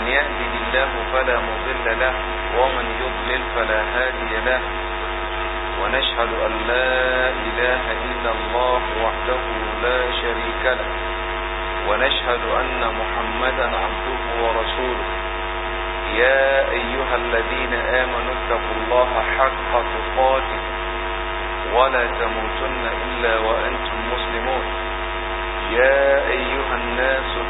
من يهده الله فلا مضل له ومن يضلل فلا هادي له ونشهد أن لا إله إلا الله وحده لا شريك له ونشهد أن محمدا عبده ورسوله يا أيها الذين آمنوا اتقوا الله حق تقاته ولا تموتن إلا وأنتم مسلمون يا أيها الناس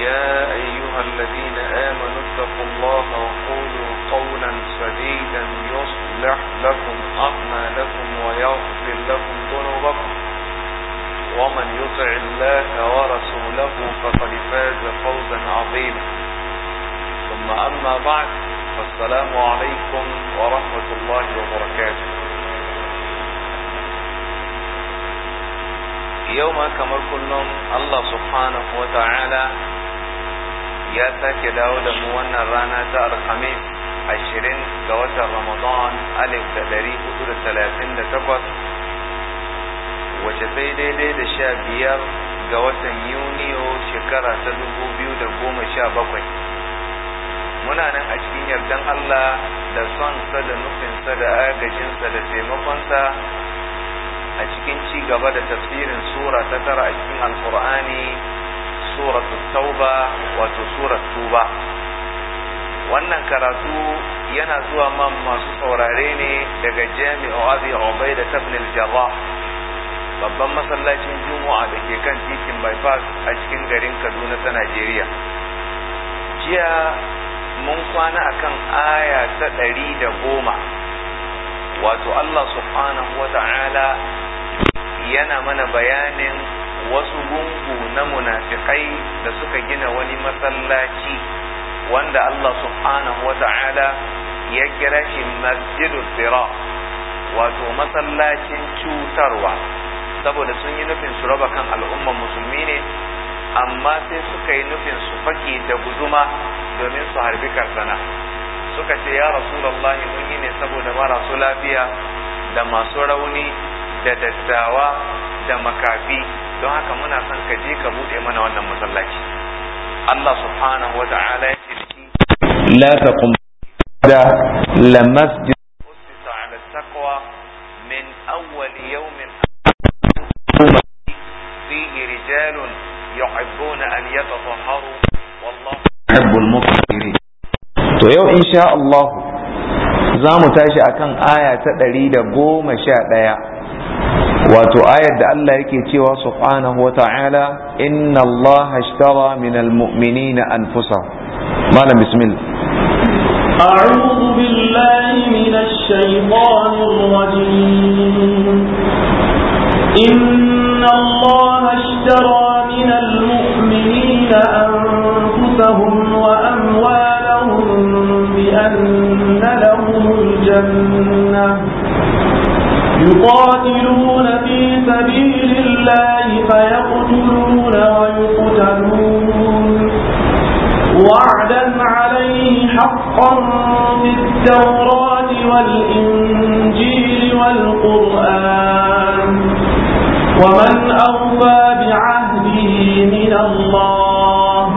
يا أيها الذين آمنوا اتقوا الله وقولوا قولا سديدا يصلح لكم أعمالكم ويغفر لكم ذنوبكم ومن يطع الله ورسوله فقد فاز فوزا عظيما ثم أما بعد فالسلام عليكم ورحمة الله وبركاته يوم كما كلهم الله سبحانه وتعالى ya sake dawo da mu wannan rana ta alhamis ashirin ga watan ramadan alif da dari hudu da talatin da takwas wace sai daidai da sha biyar ga watan yuniyo shekara ta dubu biyu da goma sha bakwai muna nan a cikin yardan allah da sonsa da nufinsa da agajinsa da taimakonsa a cikin ci gaba da tafsirin sura ta tara a cikin alkur'ani suratu tauba wato surat tuba wannan karatu yana zuwa man masu saurare ne daga jami'u abi obai da tabnil jaba babban masallacin juma'a da ke kan titin bypass a cikin garin kaduna ta najeriya jiya mun kwana akan aya ta ɗari da goma wato allah subhanahu wa ta'ala yana mana bayanin wasu gungu na munafikai da suka gina wani masallaci wanda Allah subhanahu ta'ala ya kira shi masjidul sira wato masallacin cutarwa saboda sun yi nufin su raba kan al'ummar musulmi ne amma sai suka yi nufin su fake da guduma domin su harbi karsana suka ce ya rasulullahi mun yi ne saboda marasu lafiya da masu rauni da dattawa da makafi don haka muna son ka je ka bude mana wannan masallaci Allah subhanahu wa ta'ala ya ce la taqum da la masjid usisa ala taqwa min awwal yawm fihi rijalun yuhibbuna an yatahharu wallahu yuhibbu al mutahhirin to yau insha Allah za mu tashi akan aya ta ɗari da goma sha ɗaya wato ayar da Allah yake cewa subhanahu wa ta'ala inna Allah ashtara min almu'minina anfusahum malam bismillah a'udhu billahi minash shaytanir rajim inna Allah ashtara min almu'minina anfusahum wa amwalahum bi anna lahum الجنة يقاتلون سبيل الله فيقتلون ويقتلون وعدا عليه حقا في التوراة والإنجيل والقرآن ومن أوفى بعهده من الله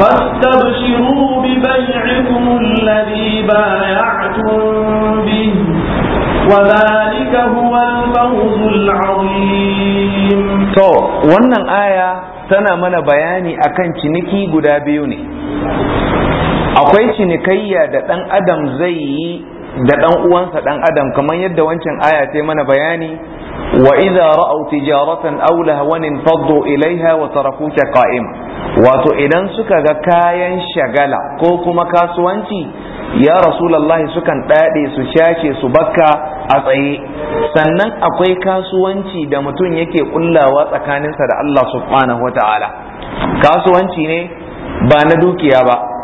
فاستبشروا ببيعكم الذي بايعتم به وذلك هو الفوز العظيم تو wannan aya tana mana bayani akan ciniki guda biyu ne akwai cinikayya da ɗan adam zai yi da ɗan uwansa ɗan adam kamar yadda wancan aya ta mana bayani wa idza ra'aw tijaratan aw lahwan faddu ilaiha wa tarakuka qa'im wato idan suka ga kayan shagala ko kuma kasuwanci ya rasulullahi sukan ɗaɗe su shace su bakka a tsaye sannan akwai kasuwanci da mutum yake kullawa tsakaninsa da Allah subhanahu wa kasuwanci ne ba na dukiya ba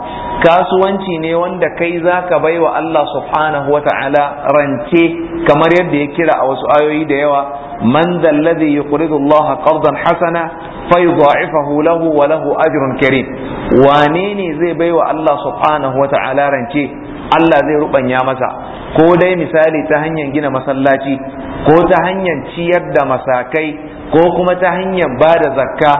kasuwanci ne wanda kai za bai wa Allah subhanahu wa ta'ala rance kamar yadda ya kira a wasu ayoyi da yawa man dalladhi yuqridu Allah qardan hasana fa yudha'ifahu lahu wa lahu ajrun karim wane ne zai bai wa Allah subhanahu wa ta'ala rance Allah zai rubanya masa ko dai misali ta hanyar gina masallaci ko ta hanyar ciyar da masakai ko kuma ta hanyar ba da zakka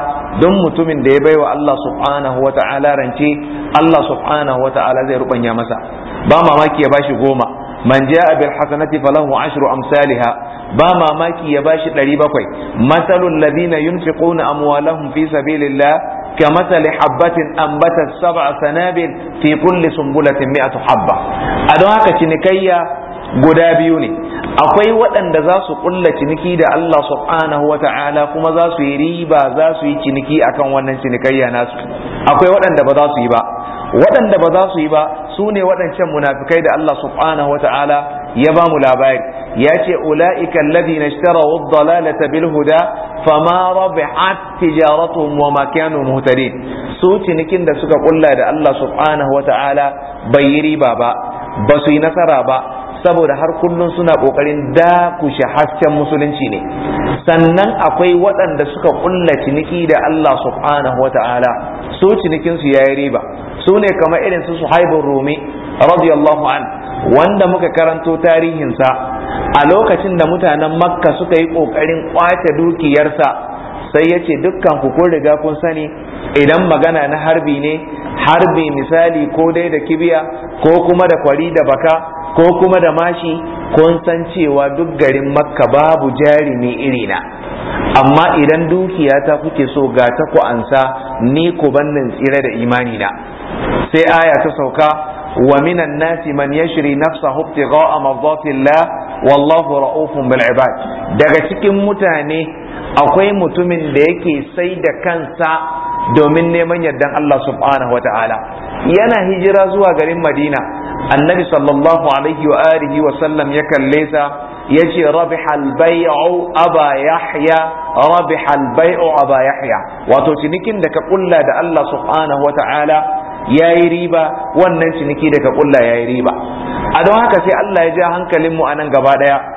don mutumin da ya baiwa Allah subhanahu wa ta'ala rance Allah subhanahu wa ta'ala zai rubanya masa ba mamaki ya bashi goma man ja'a bil hasanati falahu ashru amsalha ba mamaki ya bashi ɗari bakwai matsalul ladina yunfiquna amwalahum fi sabilillah كمثل حبة أنبتت سبع سنابل في كل سنبلة A don haka cinikayya guda biyu ne akwai waɗanda za su ƙulla ciniki da Allah subhanahu kuma za su yi riba za su yi ciniki akan wannan cinikayya nasu akwai waɗanda ba su yi ba waɗanda ba za ba su waɗancan munafukai da Allah subhanahu ya ba mu labari ya ce ula'ika na ishtaraw ad lalata bil huda fama a tijaratuhum wa ma kanu su cinikin da suka kulla da Allah subhanahu wa ta'ala bai yi riba ba ba su yi nasara ba saboda har kullum suna kokarin dakushe hasken musulunci ne sannan akwai waɗanda suka kulla ciniki da Allah subhanahu wa ta'ala su cinikin su yayi riba su ne kamar irin su Suhaibun Rumi radiyallahu an wanda muka karanto tarihinsa a lokacin da mutanen Makka suka yi kokarin kwace dukiyarsa sai ya ce dukkan ku kun riga kun sani idan magana na harbi ne harbi misali ko dai da kibiya ko kuma da kwari da baka ko kuma da mashi kun san cewa duk garin makka babu jarumi irina amma idan dukiya ta kuke so ga ta ku ansa ni ku bannin tsira da imani na sai aya ta sauka wa minan nasi man yashri nafsahu ibtigha'a mardatillah wallahu ra'ufun bil ibad daga cikin mutane akwai mutumin da yake sai da kansa domin neman yardan Allah subhanahu wa ta'ala yana hijira zuwa garin Madina annabi sallallahu alaihi wa alihi wa sallam ya kalle sa yace rabihal bai'u aba yahya rabihal bai'u aba yahya wato cinikin da ka kulla da Allah subhanahu wa ta'ala yayi riba wannan ciniki da ka kulla yayi riba a don haka sai Allah ya ja hankalin mu anan gaba daya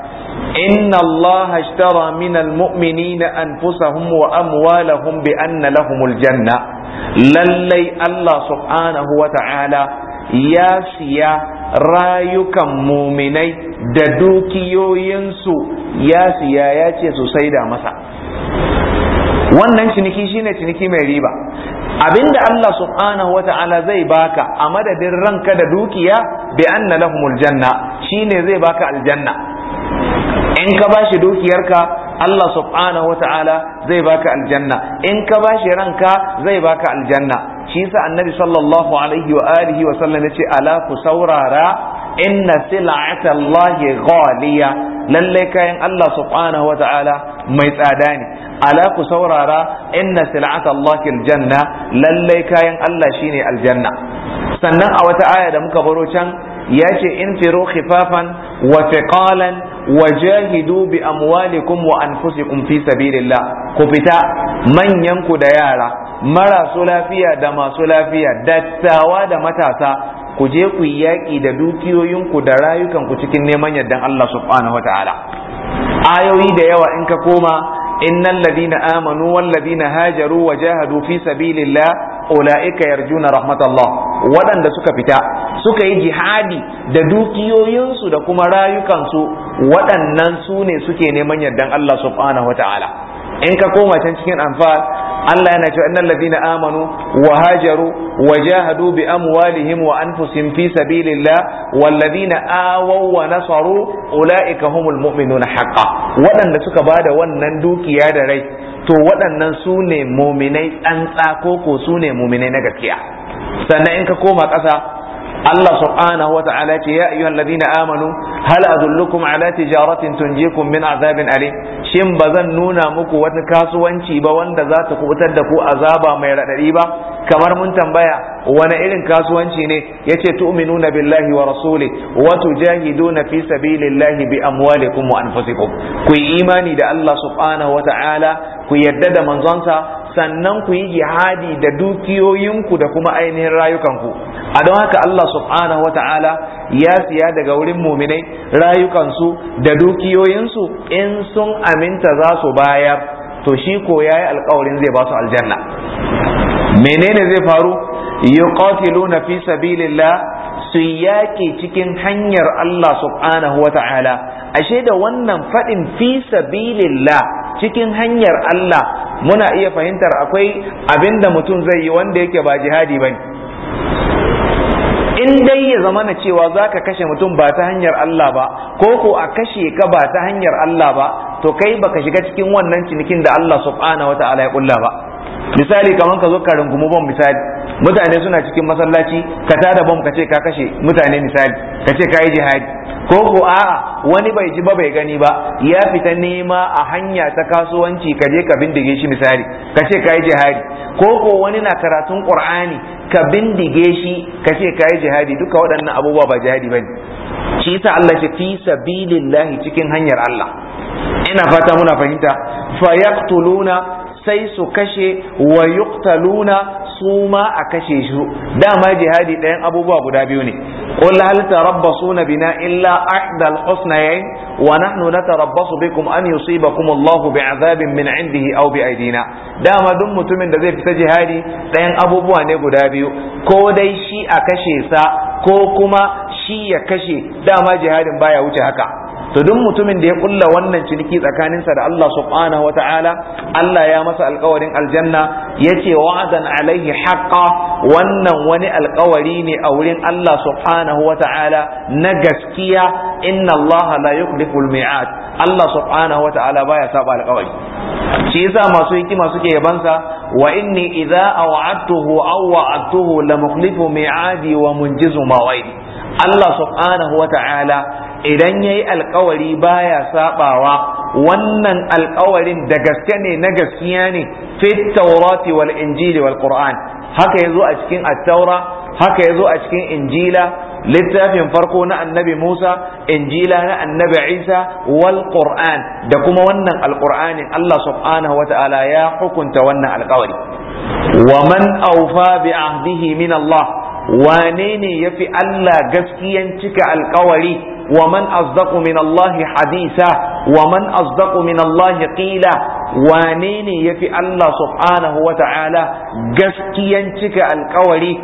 إن الله اشترى من المؤمنين أنفسهم وأموالهم بأن لهم الجنة للي الله سبحانه وتعالى يا سيا رايك مؤمني دوكيو ينسو يا سيا يا سيدا مسا wannan ciniki shine ciniki mai riba abinda Allah subhanahu wa ta'ala zai baka a madadin ranka da dukiya bi anna lahumul janna shine zai baka aljanna in ka bashi dukiyarka Allah subhanahu wata'ala zai baka aljanna in ka bashi ranka zai baka aljanna shi sa annabi sallallahu alaihi wa alihi wa sallam yace ala ku saurara inna sil'ata Allah ghaliya lalle kayan Allah subhanahu wata'ala mai tsada ne ala ku saurara inna sil'ata Allah aljanna lalle kayan Allah shine aljanna sannan a wata aya da muka baro can yace in firo khifafan wa thiqalan wajahidu bi amwalikum wa anfusikum fi sabilillah ku fita manyan ku da yara marasu lafiya da masu lafiya dattawa da matasa ku je ku yi yaƙi da dukiyoyinku da rayukanku cikin neman yardan Allah subhanahu wataala ayoyi da yawa in ka koma innal ladina amanu wal ladina hajaru wajahadu fi sabilillah ulaika yarjuna rahmatallah waɗanda suka fita suka yi jihadi da dukiyoyinsu da kuma rayukansu waɗannan su ne suke neman yardan Allah subhanahu wataala in ka koma can cikin anfal Allah yana cewa innal ladina amanu wa hajaru wa jahadu bi amwalihim wa anfusihim fi sabilillah wal ladina awaw wa nasaru ulaika humul mu'minuna haqqan waɗanda suka bada wannan dukiya da rai to waɗannan su ne muminai tsantsa ko ko su ne muminai na gaskiya sannan in ka koma ƙasa Allah subhanahu wa ta'ala ce ya ayyuhal ladina amanu hal adullukum ala tijaratin tunjikum min azabin alim shin bazan nuna muku wani kasuwanci ba wanda za ta kubutar da ku azaba mai raɗaɗi ba kamar mun tambaya wani irin kasuwanci ne Ya yace tu'minuna billahi wa rasuli wa na fi sabilillahi bi amwalikum wa anfusikum ku imani da Allah subhanahu wa ta'ala ku yadda da manzonsa sannan ku yi jihadi da dukiyoyinku da kuma ainihin rayukanku a don haka Allah subhanahu wa ta'ala ya siya daga wurin muminai rayukansu da dukiyoyinsu in sun aminta za su bayar to shi ko ya yi alkawarin zai ba su aljanna menene zai faru yuqatiluna fi sabilillah su yaƙi cikin hanyar Allah subhanahu wa ta'ala ashe da wannan faɗin fi sabilillah cikin hanyar Allah muna iya fahimtar akwai abinda mutum zai yi wanda yake ba jihadi ba ne, in dai ya zama na cewa za ka kashe mutum ba ta hanyar Allah ba ko ko a kashe ka ba ta hanyar Allah ba to kai baka shiga cikin wannan cinikin da Allah subhanahu ta'ala ya kulla ba misali kamar ka zo ka rungumi bom misali mutane suna cikin masallaci ka tada bom ka ce ka kashe mutane misali ka ce ka yi jihadi ko ko a'a wani bai ji ba bai gani ba ya fita nema a hanya ta kasuwanci ka je ka bindige shi misali ka ce ka yi jihadi ko ko wani na karatun qur'ani ka bindige shi ka ce ka yi jihadi duka waɗannan abubuwa ba jihadi bane shi yasa Allah ce fi sabilillahi cikin hanyar Allah ina fata muna fahimta yaqtuluna sai su kashe wa yuqtaluna su ma a kashe shi dama jihadi ɗayan abubuwa guda biyu ne qul hal tarabbasuna bina illa ahdal husnayn wa nahnu natarabbasu bikum an yusibakum Allah azabin min indihi aw bi aidina dama duk mutumin da zai fita jihadi ɗayan abubuwa ne guda biyu ko dai shi a kashe sa ko kuma shi ya kashe dama jihadin baya wuce haka to duk mutumin da ya kulla wannan ciniki tsakaninsa da Allah subhanahu wa ta'ala Allah ya masa alkawarin aljanna ya ce wa'adan alaihi haqqa wannan wani alkawari ne a wurin Allah subhanahu wa ta'ala na gaskiya inna Allah la yukhliful mi'ad Allah subhanahu wa ta'ala baya saba alkawari shi yasa masu hikima suke yabansa wa inni idza aw'adtuhu aw wa'adtuhu la mukhlifu mi'adi wa munjizu mawa'idi Allah subhanahu ta'ala idan ya yi alkawari baya sabawa wannan alkawarin da gaske ne na gaskiya ne fit taurati wal injili wal qur'an haka yazo a cikin at-taura haka yazo a cikin injila littafin farko na annabi Musa injila na annabi Isa wal Qur'an da kuma wannan alqur'anin Allah subhanahu wataala ya hukunta wannan alkawari wa man awfa bi ahdihi min Allah wane ne ya fi Allah gaskiyan cika alkawari wa man azdaqu min Allah hadisa wa man azdaqu min Allah qila wane ne ya fi Allah subhanahu wa ta'ala gaskiyan cika alkawari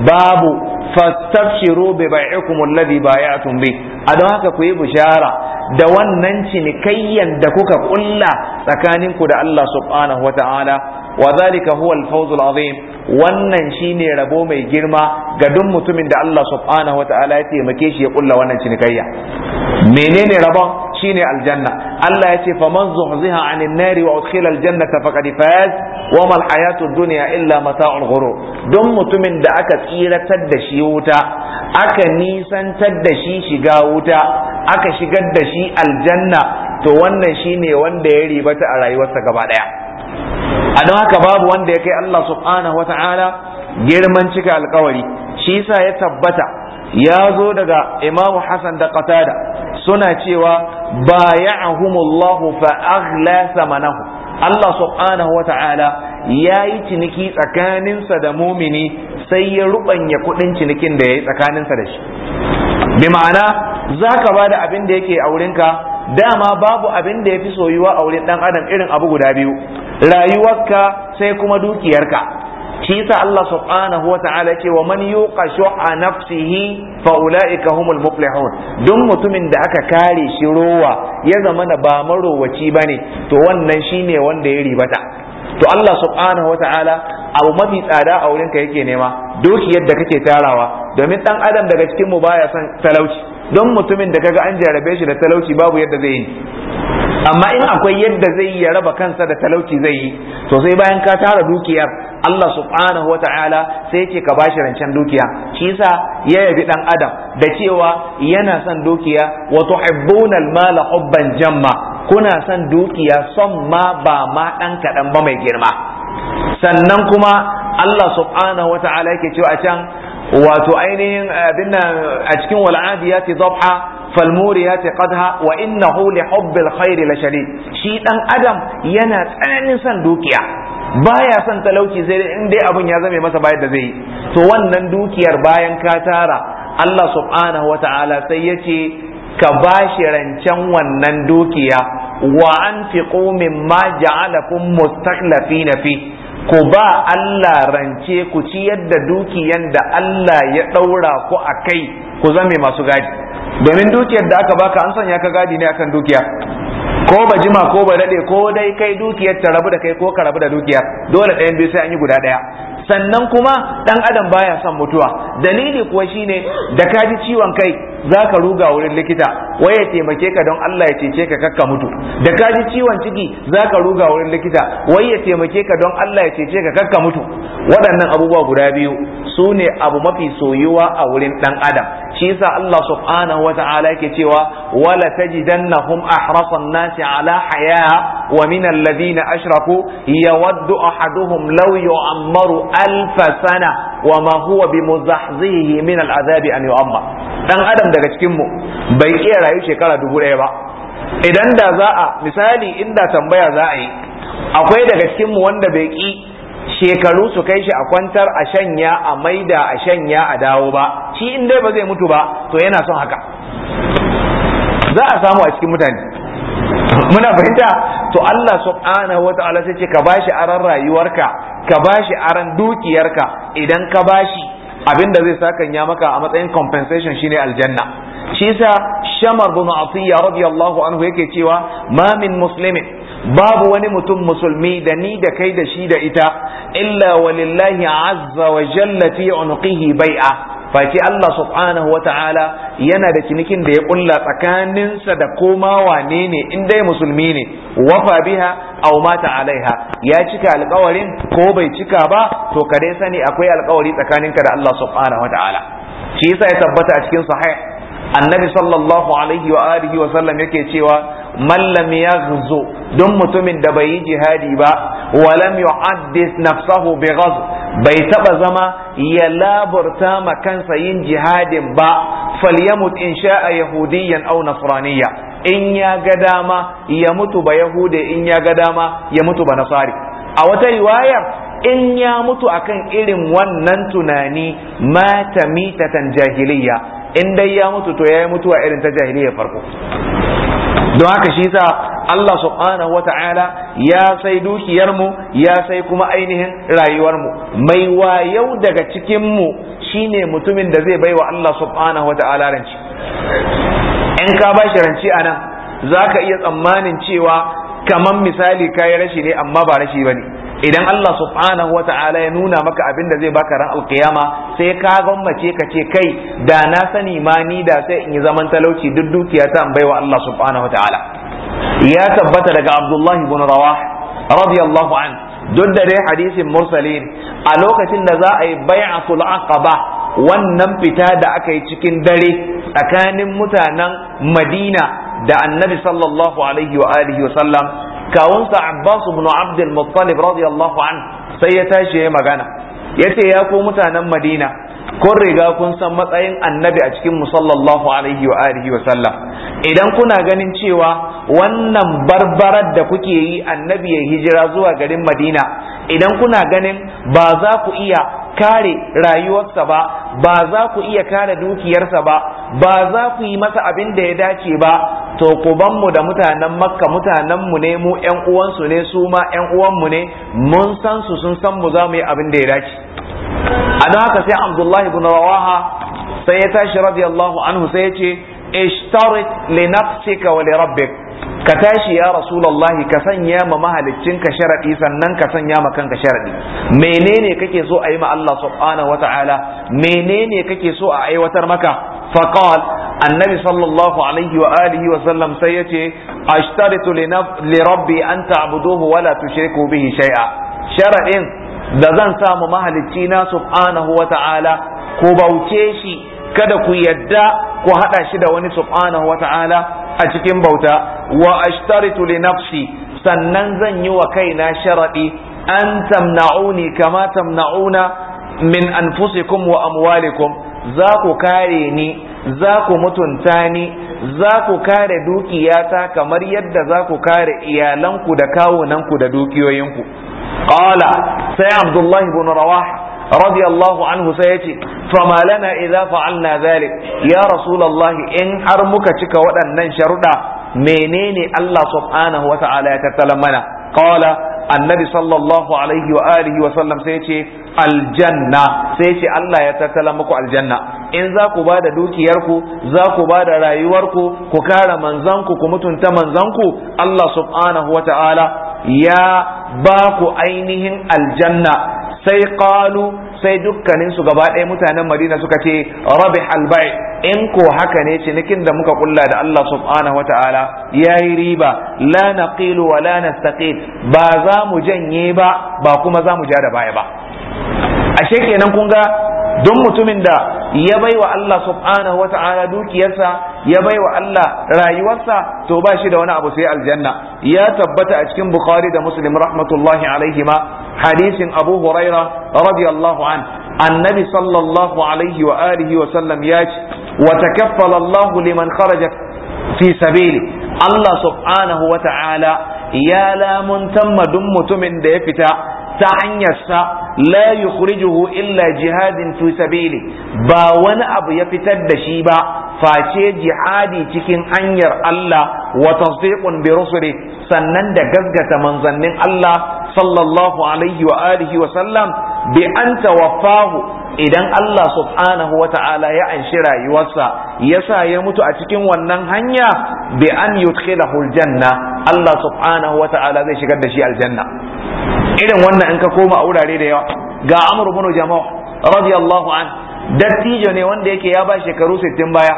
babu fastabshiru bi bai'ikum alladhi bay'atum bi a don haka ku yi bishara da wannan cinikayyan da kuka kulla tsakanin ku da Allah subhanahu wata'ala wa zalika huwa al-fawz azim wannan shine rabo mai girma ga duk mutumin da Allah subhanahu wata'ala ya taimake shi ya kulla wannan cinikayya menene rabon shine aljanna Allah ya ce faman zuhziha anin nari wa udkhila aljannata faqad faz wa mal hayatud dunya illa mata'ul ghurur don mutumin da aka tsiratar da shi wuta aka nisantar da shi shiga wuta aka shigar da shi aljanna to wannan shine wanda ya ribata a rayuwarsa gaba daya a don haka babu wanda ya kai Allah subhanahu wa ta'ala girman cika alkawari shi yasa ya tabbata ya zo daga imamu hassan da qatada suna cewa baya'ahumullahu fa aghla samanahu Allah subhanahu wata'ala ya yi ciniki tsakaninsa da mumini sai ya rubanya kudin cinikin da ya yi tsakaninsa da shi bi ma'ana za ka ba da abin da yake a wurinka dama babu abin da ya fi soyuwa a wurin dan adam irin abu guda biyu rayuwarka sai kuma dukiyarka shi yasa Allah subhanahu wa ta'ala ce wa man yuqa shuha nafsihi fa ulaika humul muflihun duk mutumin da aka kare shi rowa ya zama ba marowaci bane to wannan shine wanda ya ribata to Allah subhanahu wa ta'ala abu mafi tsada a wurinka yake nema dukiyar da kake tarawa domin dan adam daga cikin mu baya son talauci don mutumin da kaga an jarabe shi da talauci babu yadda zai yi amma in akwai yadda zai yi ya raba kansa da talauci zai yi to sai bayan ka tara dukiyar Allah subhanahu wa ta'ala sai yake ka bashi rancen dukiya shi yasa ya yabi dan adam da cewa yana son dukiya wa tuhibbuna al hubban jamma kuna son dukiya son ma ba ma dan kadan ba mai girma sannan kuma Allah subhanahu wa ta'ala yake cewa a can wato ainihin eh, abin nan a cikin wal'adiyati ya falmuriyati kadha wa innahu li hubbil khairi la shadid shi dan adam yana tsananin son dukiya baya son talauci sai in dai abin ya zame masa bayar da zai yi to wannan dukiyar bayan ka tara Allah subhanahu wa ta'ala sai yace ka bashi rancen wannan dukiya wa anfiqu mimma ja'alakum mustaklafina fi ku ba Allah rance ku ciyar da dukiyan da Allah ya ɗaura ku a kai ku zame masu gadi domin dukiyar da aka baka an sanya ka gadi ne akan dukiya ko ba jima ko ba daɗe ko dai kai dukiyar ta rabu da kai ko ka rabu da dukiya dole ɗayan biyu sai an yi guda ɗaya sannan kuma ɗan adam baya son mutuwa dalili kuwa shine da ka ji ciwon kai za ka ruga wurin likita wai ya taimake ka don Allah ya cece ka kakka mutu da ka ji ciwon ciki za ka ruga wurin likita wai ya taimake ka don Allah ya cece ka kakka mutu waɗannan abubuwa guda biyu su ne abu mafi soyuwa a wurin ɗan adam shi yasa Allah subhanahu wata'ala yake cewa wala tajidannahum ahrasan nasi ala haya wa min alladhina ashraku yawaddu ahaduhum law yu'ammaru alf sana wa ma huwa bimuzah tahzihi min al'azabi an yu'amma dan adam daga cikin mu bai iya rayu shekara dubu ɗaya ba idan da za a misali inda tambaya za a yi akwai daga cikin mu wanda bai ki shekaru su kai shi a kwantar a shanya a maida a shanya a dawo ba shi in dai ba zai mutu ba to yana son haka za a samu a cikin mutane muna fahimta to Allah subhanahu wata'ala sai ce ka bashi aran rayuwarka ka bashi aran dukiyarka idan ka bashi Abin da zai sakan ya maka a matsayin compensation shine aljanna shi yasa shamar bin atiya radiyallahu anhu yake cewa ma min muslimin babu wani mutum musulmi da ni da kai da shi da ita illa walillahi azza wa jalla fi unqihi bai'a face Allah subhanahu wa ta'ala yana da cinikin da ya kulla tsakaninsa da koma wane ne in dai musulmi ne wafa biha aw mata alaiha ya cika alkawarin ko bai cika ba to ka dai sani akwai alkawari tsakaninka da Allah subhanahu wa ta'ala shi yasa ya tabbata a cikin sahih annabi sallallahu alaihi wa alihi wa sallam yake cewa man lam yaghzu don mutumin da bai yi jihadi ba walam yu'addis nafsahu bi bai taba zama ya laburta ma kansa yin jihadin ba falyamut in sha'a yahudiyan aw nasraniyya in ya ga dama ya mutu ba yahude in ya ga dama ya mutu ba nasari a wata riwayar in ya mutu akan irin wannan tunani mata mitatan jahiliya in dai ya mutu to ya yi mutuwa irin ta jahiliya farko don haka shi sa Allah subhanahu wata'ala ya sai dukiyarmu ya sai kuma ainihin rayuwarmu mai wayau daga cikinmu shine mutumin da zai baiwa Allah subhanahu wata'ala ranci in ka ba shi ranci a nan za ka iya tsammanin cewa kaman misali kayi rashi ne amma ba rashi ba ne idan Allah subhanahu wata'ala ya nuna maka abin da zai baka ran alkiyama sai ka gwammace ka ce kai da na sani ma ni da sai in yi zaman talauci duk dukiya ta baiwa Allah subhanahu wata'ala ya tabbata daga Abdullah ibn Rawah radiyallahu an duk da dai hadisin mursalin a lokacin da za a yi bai'atul aqaba wannan fita da aka yi cikin dare tsakanin mutanen Madina da annabi sallallahu alaihi wa alihi wa sallam kawunsa Abbas ibn Abd al-Muttalib radiyallahu an sai ya tashi ya magana yace ya ko mutanen Madina kun riga kun san matsayin annabi a cikin mu sallallahu alaihi wa alihi wa sallam idan kuna ganin cewa wannan barbarar da kuke yi annabi ya hijira zuwa garin Madina idan kuna ganin ba za ku iya kare rayuwarsa ba ba za ku iya kare dukiyarsa ba ba za ku yi masa abin da ya dace ba to mu da mutanen makka mutanen mu ne mu yan uwansu ne su ma yan uwanmu ne mun san su sun san mu za mu yi abin da ya dace a don haka sai abdullahi ibn rawaha sai ya tashi radiyallahu anhu sai ya ce ishtarit li nafsika wa li rabbik ka tashi ya rasulullahi ka sanya ma mahalicin ka sharadi sannan ka sanya ma kanka sharadi menene kake so a yi ma Allah subhanahu wataala menene kake so a aiwatar maka faqal annabi sallallahu alaihi wa alihi wa sallam sai yace ashtaritu li rabbi an ta'buduhu wa la tushriku bihi shay'a sharadin da zan sa ma mahalicci na subhanahu wataala ku bauce shi kada ku yadda ko hada shi da wani subhanahu wata'ala a cikin bauta wa ashtaritu li nafsi sannan zan yi wa kaina sharadi an tamna'uni kama tamna'una min anfusikum wa amwalikum za ku kare ni za ku mutunta ni za ku kare dukiyata kamar yadda za ku kare iyalanku da kawunanku da dukiyoyinku qala sai abdullahi ibn rawaha radiyallahu anhu sai yace fama lana idza fa'alna zalik ya rasulullahi in har muka cika waɗannan sharuɗa menene Allah subhanahu wa ta'ala ya tattala mana qala annabi sallallahu alaihi wa wa sallam sai yace aljanna sai ce Allah ya tattala muku aljanna in za ku ba da dukiyarku za ku ba da rayuwarku ku kare manzanku ku mutunta manzanku Allah subhanahu wa ta'ala ya ba ku ainihin aljanna sai qalu sai dukkanin su gaba ɗaya mutanen Madina suka ce rabihal bai in ko haka ne cinikin da muka kulla da Allah subhanahu ya yayi riba la naqilu wa la nastaqil ba za mu janye ba ba kuma za mu ja da baya ba ashe kenan kun ga don mutumin da ya bai wa Allah subhanahu wa ta'ala dukiyarsa ya bai wa Allah rayuwarsa to ba shi da wani abu sai aljanna ya tabbata a cikin bukhari da muslim rahmatullahi alaihima. hadisin Abu Huraira radiyallahu an annabi sallallahu alaihi wa alihi wa sallam ya ce wa takaffala Allahu liman kharaja fi sabili Allah subhanahu wa ta'ala ya lamuntan mutumin da ya fita ta hanyarsa la yukhrijuhu illa jihadin fi sabili ba wani abu ya fitar da shi ba face jihadi cikin hanyar Allah wa tasdiqun bi sannan da gaskata manzannin Allah sallallahu alaihi wa alihi wa sallam bi an tawaffahu idan Allah subhanahu wa ta'ala ya anshi rayuwarsa ya sa ya mutu a cikin wannan hanya bi an yudkhilahu aljanna Allah subhanahu wa ta'ala zai shigar da shi aljanna irin wannan in ka koma a wurare da yawa ga Amr ibn Jamuh radiyallahu an dattijo ne wanda yake ya ba shekaru 60 baya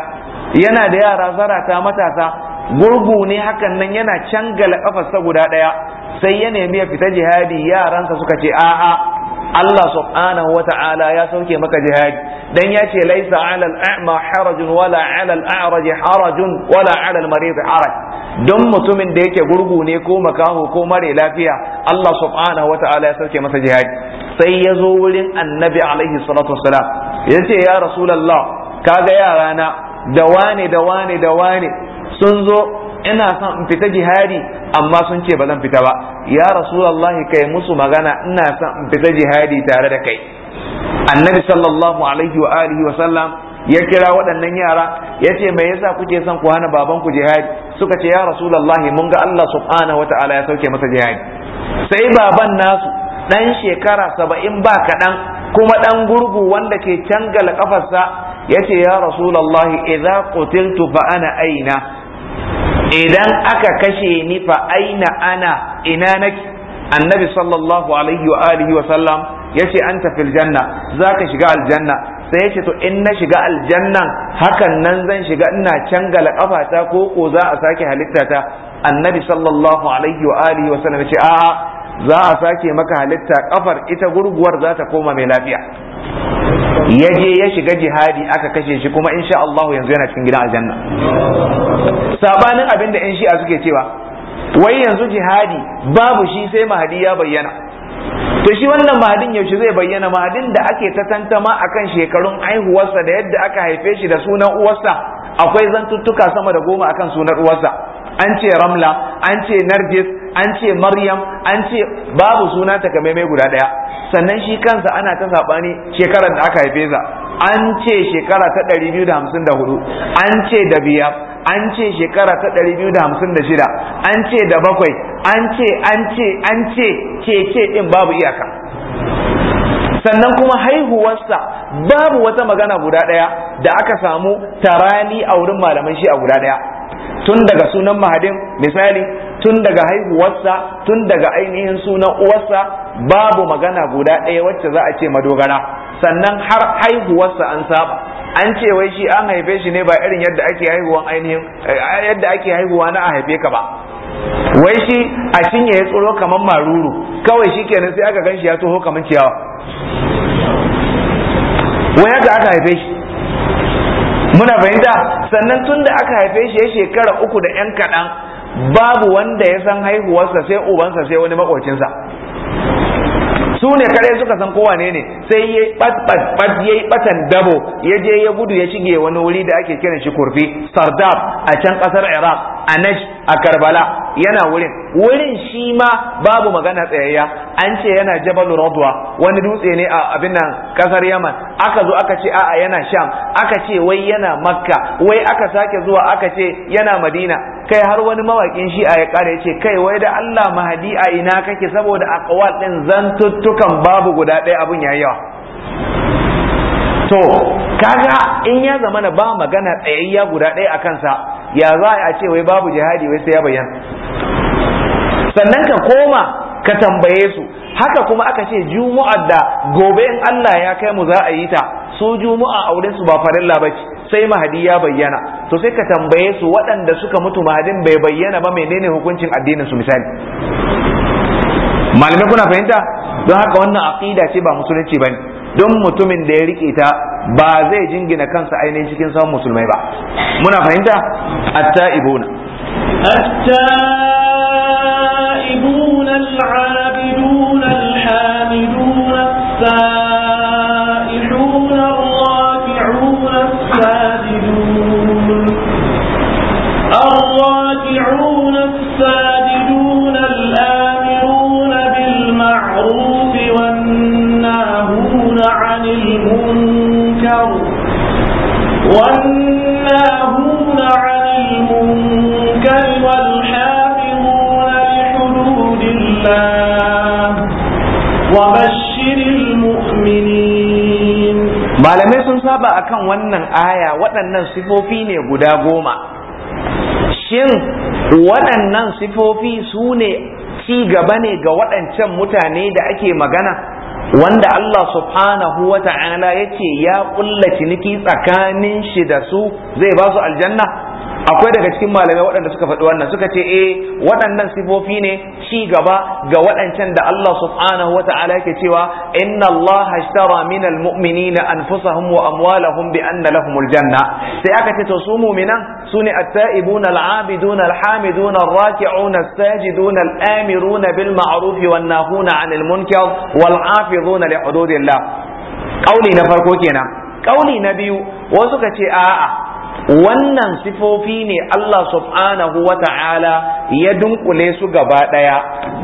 yana da yara zarata matasa gurgu ne hakan nan yana can kafarsa guda ɗaya sai ya nemi ya fita jihadi yaransa suka ce a'a Allah subhanahu wa ta'ala ya sauke maka jihadi dan ya ce laisa ala al-a'ma harajun wala ala al-a'raj harajun wala ala al-marid haraj don mutumin da yake gurgu ne ko makaho ko mare lafiya Allah subhanahu wa ta'ala ya sauke masa jihadi sai ya zo wurin annabi alaihi salatu wassalam ya ce ya rasulullah kaga yarana da wane da wane da wane sun zo ina son in fita jihadi amma sun ce ba zan fita ba ya rasulullahi kai musu magana ina son in fita jihadi tare da kai annabi sallallahu alaihi wa alihi wa sallam ya kira waɗannan yara ya ce me yasa kuke son ku hana baban ku jihadi suka ce ya rasulullahi mun ga Allah subhanahu wa ta'ala ya sauke masa jihadi sai baban nasu dan shekara saba'in ba kaɗan kuma ɗan gurgu wanda ke cangala ƙafarsa, yace ya rasulullah idza qutiltu fa ana aina idan aka kashe ni fa aina ana ina nake annabi sallallahu alaihi wa alihi wa sallam yace anta fil janna zaka shiga aljanna sai ya ce to in na shiga aljannan hakan nan zan shiga ina cangala ƙafata, ko ko za a sake halitta ta annabi sallallahu alaihi wa alihi wa sallam ce a'a za a sake maka halitta kafar ita gurguwar za ta koma mai lafiya ya je ya shiga jihadi aka kashe shi kuma insha Allah yanzu yana cikin gidan aljanna sabanin abin da 'yan shi'a suke cewa wai yanzu jihadi babu shi sai mahadi ya bayyana to shi wannan mahadin yaushe zai bayyana mahadin da ake ta tantama akan shekarun aihuwarsa da yadda aka haife shi da sunan uwarsa akwai zantuttuka sama da goma akan sunan uwarsa an ce ramla an ce nargis an ce maryam an ce babu suna takamaimai guda daya sannan shi kansa ana ta saɓani shekarar da aka haife sa an ce shekara ta 254 an ce da biya an ce shekara ta ɗari an ce da bakwai an ce an ce an ce keke ɗin babu iyaka sannan kuma haihuwarsa babu wata magana guda ɗaya da aka samu tarani a wurin malaman shi a guda ɗaya tun daga sunan mahadin misali tun daga haihuwarsa tun daga ainihin sunan uwarsa babu magana guda ɗaya wacce za a ce madogara sannan har haihuwarsa an saba an ce wai shi an haife shi ne ba irin yadda ake haihuwa ainihin eh, yadda ake haihuwa na a haife ka ba wai shi a cinye ya tsoro kamar maruru kawai shi kenan sai aka gan shi ya toho kamar ciyawa wai haka aka haife shi muna fahimta sannan tun da aka haife shi ya shekara uku da yan kaɗan babu wanda ya san haihuwarsa sai ubansa sai wani makocinsa su ne kare suka san kowa ne ne sai ya bat ya yi batan dabo ya je ya gudu ya shige wani wuri da ake kiran shi kurfi sardab a can kasar iraq a a karbala yana wurin wurin shi ma babu magana tsayayya an ce yana jabal radwa wani dutse ne a abin nan kasar yaman aka zo aka ce a'a yana sham aka ce wai yana makka wai aka sake zuwa aka ce yana madina kai har wani mawakin shi a ya kare ce kai wai da Allah mahadi a ina kake saboda aqwal din zantuttukan babu guda ɗaya abun yayi yawa to kaga in ya zamana ba magana tsayayya guda ɗaya a kansa ya za a ce wai babu jihadi wai sai ya bayan? sannan ka koma ka tambaye su haka kuma aka ce juma'ar da gobe in Allah ya kai mu za a yi ta su juma'a auren su ba farilla ba sai mahadi ya bayyana to sai ka tambaye su waɗanda suka mutu mahadin bai bayyana ba menene hukuncin addinin su misali malamai kuna fahimta don haka wannan aqida ce ba musulunci bane don mutumin da ya rike ta ba zai jingina kansa ainihin cikin sahun musulmai ba muna fahimta atta ibuna atta ibuna والناهون عن المنكر والحافظون لحدود الله وبشر المؤمنين malamai sun saba akan wannan aya waɗannan sifofi ne guda goma shin waɗannan sifofi su ne ci gaba ne ga waɗancan mutane da ake magana wanda Allah subhanahu wa ta'ala ya ce ya ƙulla ciniki tsakanin shi da su zai ba su aljanna akwai daga cikin malamai waɗanda suka faɗi wannan suka ce eh waɗannan sifofi ne ci gaba ga waɗancan da Allah subhanahu wata'ala yake cewa inna Allah ashtara min almu'minina anfusahum wa amwalahum bi anna lahumul sai aka ce to su mu'minan sune at-ta'ibuna al-'abiduna al-hamiduna ar-raki'una as-sajiduna al-amiruna bil ma'ruf wan nahuna 'anil munkar wal 'afiduna li hududillah kauli na farko kenan kauli na biyu wasu ka ce a'a wannan sifofi ne Allah subhanahu wa ta'ala ya dunkule su gaba ɗaya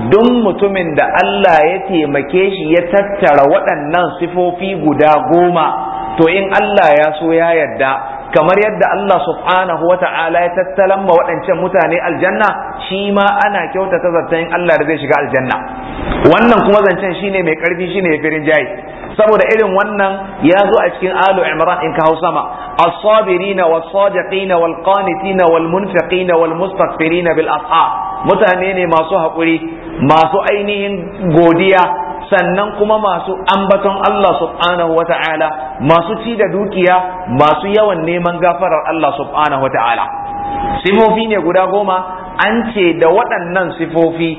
don mutumin da Allah ya taimake shi ya tattara waɗannan sifofi guda goma to in Allah ya so ya yadda kamar yadda Allah subhanahu wa ta'ala ya tattalan ma waɗancan mutane aljanna shi ma ana kyautata zartan Allah da zai shiga aljanna wannan kuma zancen shine mai ƙarfi shine firin jayi saboda irin wannan ya zo a cikin alu imran in ka hau sama as-sabirina was-sadiqina wal-qanitina wal-munfiqina wal-mustaghfirina bil ashab mutane ne masu haƙuri masu ainihin godiya sannan kuma masu ambaton Allah subhanahu wa ta'ala masu ci da dukiya masu yawan neman gafarar Allah subhanahu wa ta'ala sifofi ne guda goma an ce da waɗannan sifofi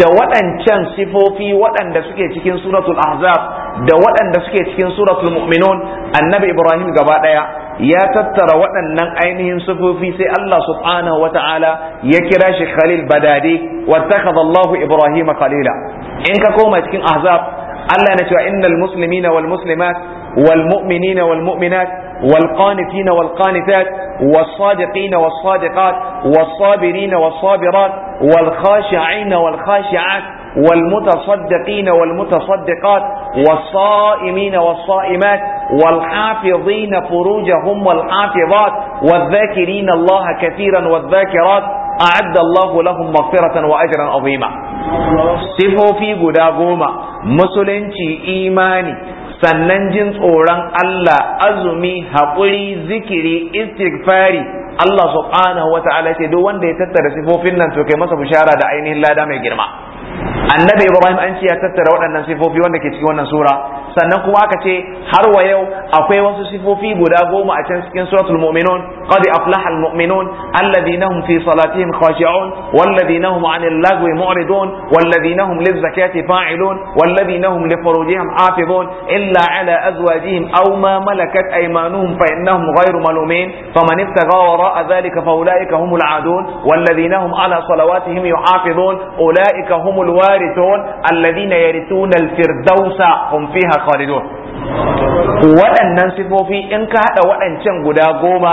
da waɗancan sifofi waɗanda suke cikin suratul ahzab da waɗanda suke cikin suratul mu'minun annabi ibrahim gaba ɗaya ya tattara waɗannan ainihin sifofi sai Allah subhanahu ta'ala ya kira shi khalil badade wattakhadha Allahu ibrahim khalila in ka koma cikin ahzab Allah na cewa innal muslimina wal muslimat wal mu'minina wal mu'minat wal qanitina wal qanitat والصادقين والصادقات والصابرين والصابرات والخاشعين والخاشعات والمتصدقين والمتصدقات والصائمين والصائمات والحافظين فروجهم والحافظات والذاكرين الله كثيرا والذاكرات أعد الله لهم مغفرة وأجرا عظيما صفوا في قدا مسلنتي إيماني sannan jin tsoron Allah azumi haƙuri zikiri istighfari Allah subhanahu wata'ala ce duk wanda ya tattara sifofin nan to kai masa bishara da ainihin lada mai girma annabi Ibrahim an ce ya tattara waɗannan sifofi wanda ke cikin wannan sura sannan kuma aka ce har wa yau akwai wasu sifofi guda goma a can cikin suratul mu'minun qad aflaha al mu'minun alladhina hum fi salatihim khashi'un walladhina hum 'anil lagwi mu'ridun walladhina hum lizakati fa'ilun walladhina hum li furujihim hafizun illa 'ala azwajihim aw ma malakat aymanuhum fa innahum ghayru malumin faman ibtagha wara'a dhalika fa ulaika humul 'adun والذين هم على صلواتهم يحافظون أولئك هم الوارثون الذين يرثون الفردوس هم فيها khalidun waɗannan sifofi in ka haɗa waɗancan guda goma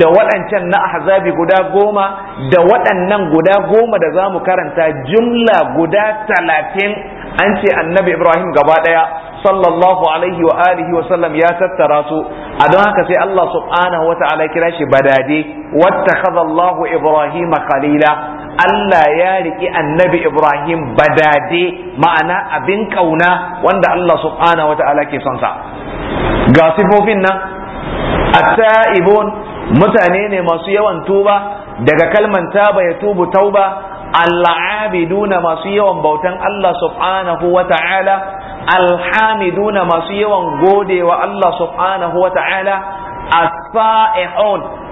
da waɗancan na ahzabi guda goma da waɗannan guda goma da za mu karanta jumla guda talatin an ce annabi ibrahim gaba ɗaya sallallahu alaihi wa alihi wa sallam ya tattara su a don haka sai Allah subhanahu wa ta'ala kira shi badade wattakhadha Allahu Ibrahim khalila Allah ya riƙi annabi Ibrahim badade ma'ana abin kauna wanda Allah subhanahu wata'ala ke son sa ga sifofin nan at-ta'ibun mutane ne masu yawan tuba daga kalman taba ya tubu tauba al'abiduna masu yawan bautan Allah subhanahu wa ta'ala, alhamiduna masu yawan godewa Allah subhanahu wa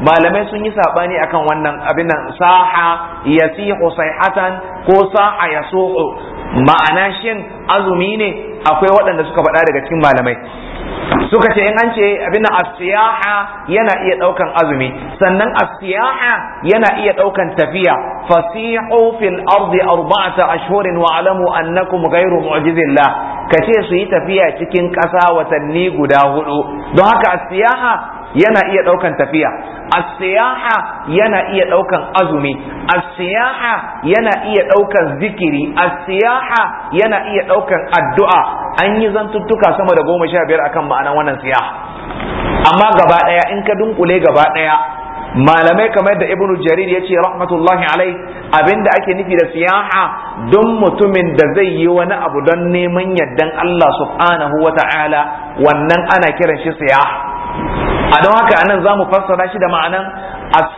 malamai sun yi sabani akan wannan abin nan saha yasihu sayhatan ko sa'a yasuhu ma'ana shin azumi ne akwai waɗanda suka faɗa daga cikin malamai suka ce in an ce abin asiyaha yana iya ɗaukan azumi sannan asiyaha yana iya ɗaukan tafiya fasihu fil ardi arba'ata ashhurin wa alamu annakum ghayru mu'jizillah kace su yi tafiya cikin ƙasa watanni guda hudu don haka asiyaha yana iya ɗaukan tafiya siyaha yana iya ɗaukan azumi siyaha yana iya ɗaukan zikiri siyaha yana iya ɗaukan addu'a an yi zantuttuka sama da goma sha biyar akan ma'anan wannan siyaha amma gaba in ka dunkule gaba ɗaya malamai kamar da ibnu jarir ya ce rahmatullahi alai abinda ake nufi da siyaha don mutumin da zai yi wani abu don neman yardan Allah subhanahu wa ta'ala wannan ana kiran shi siyaha a don haka anan za mu fassara shi da ma'anan as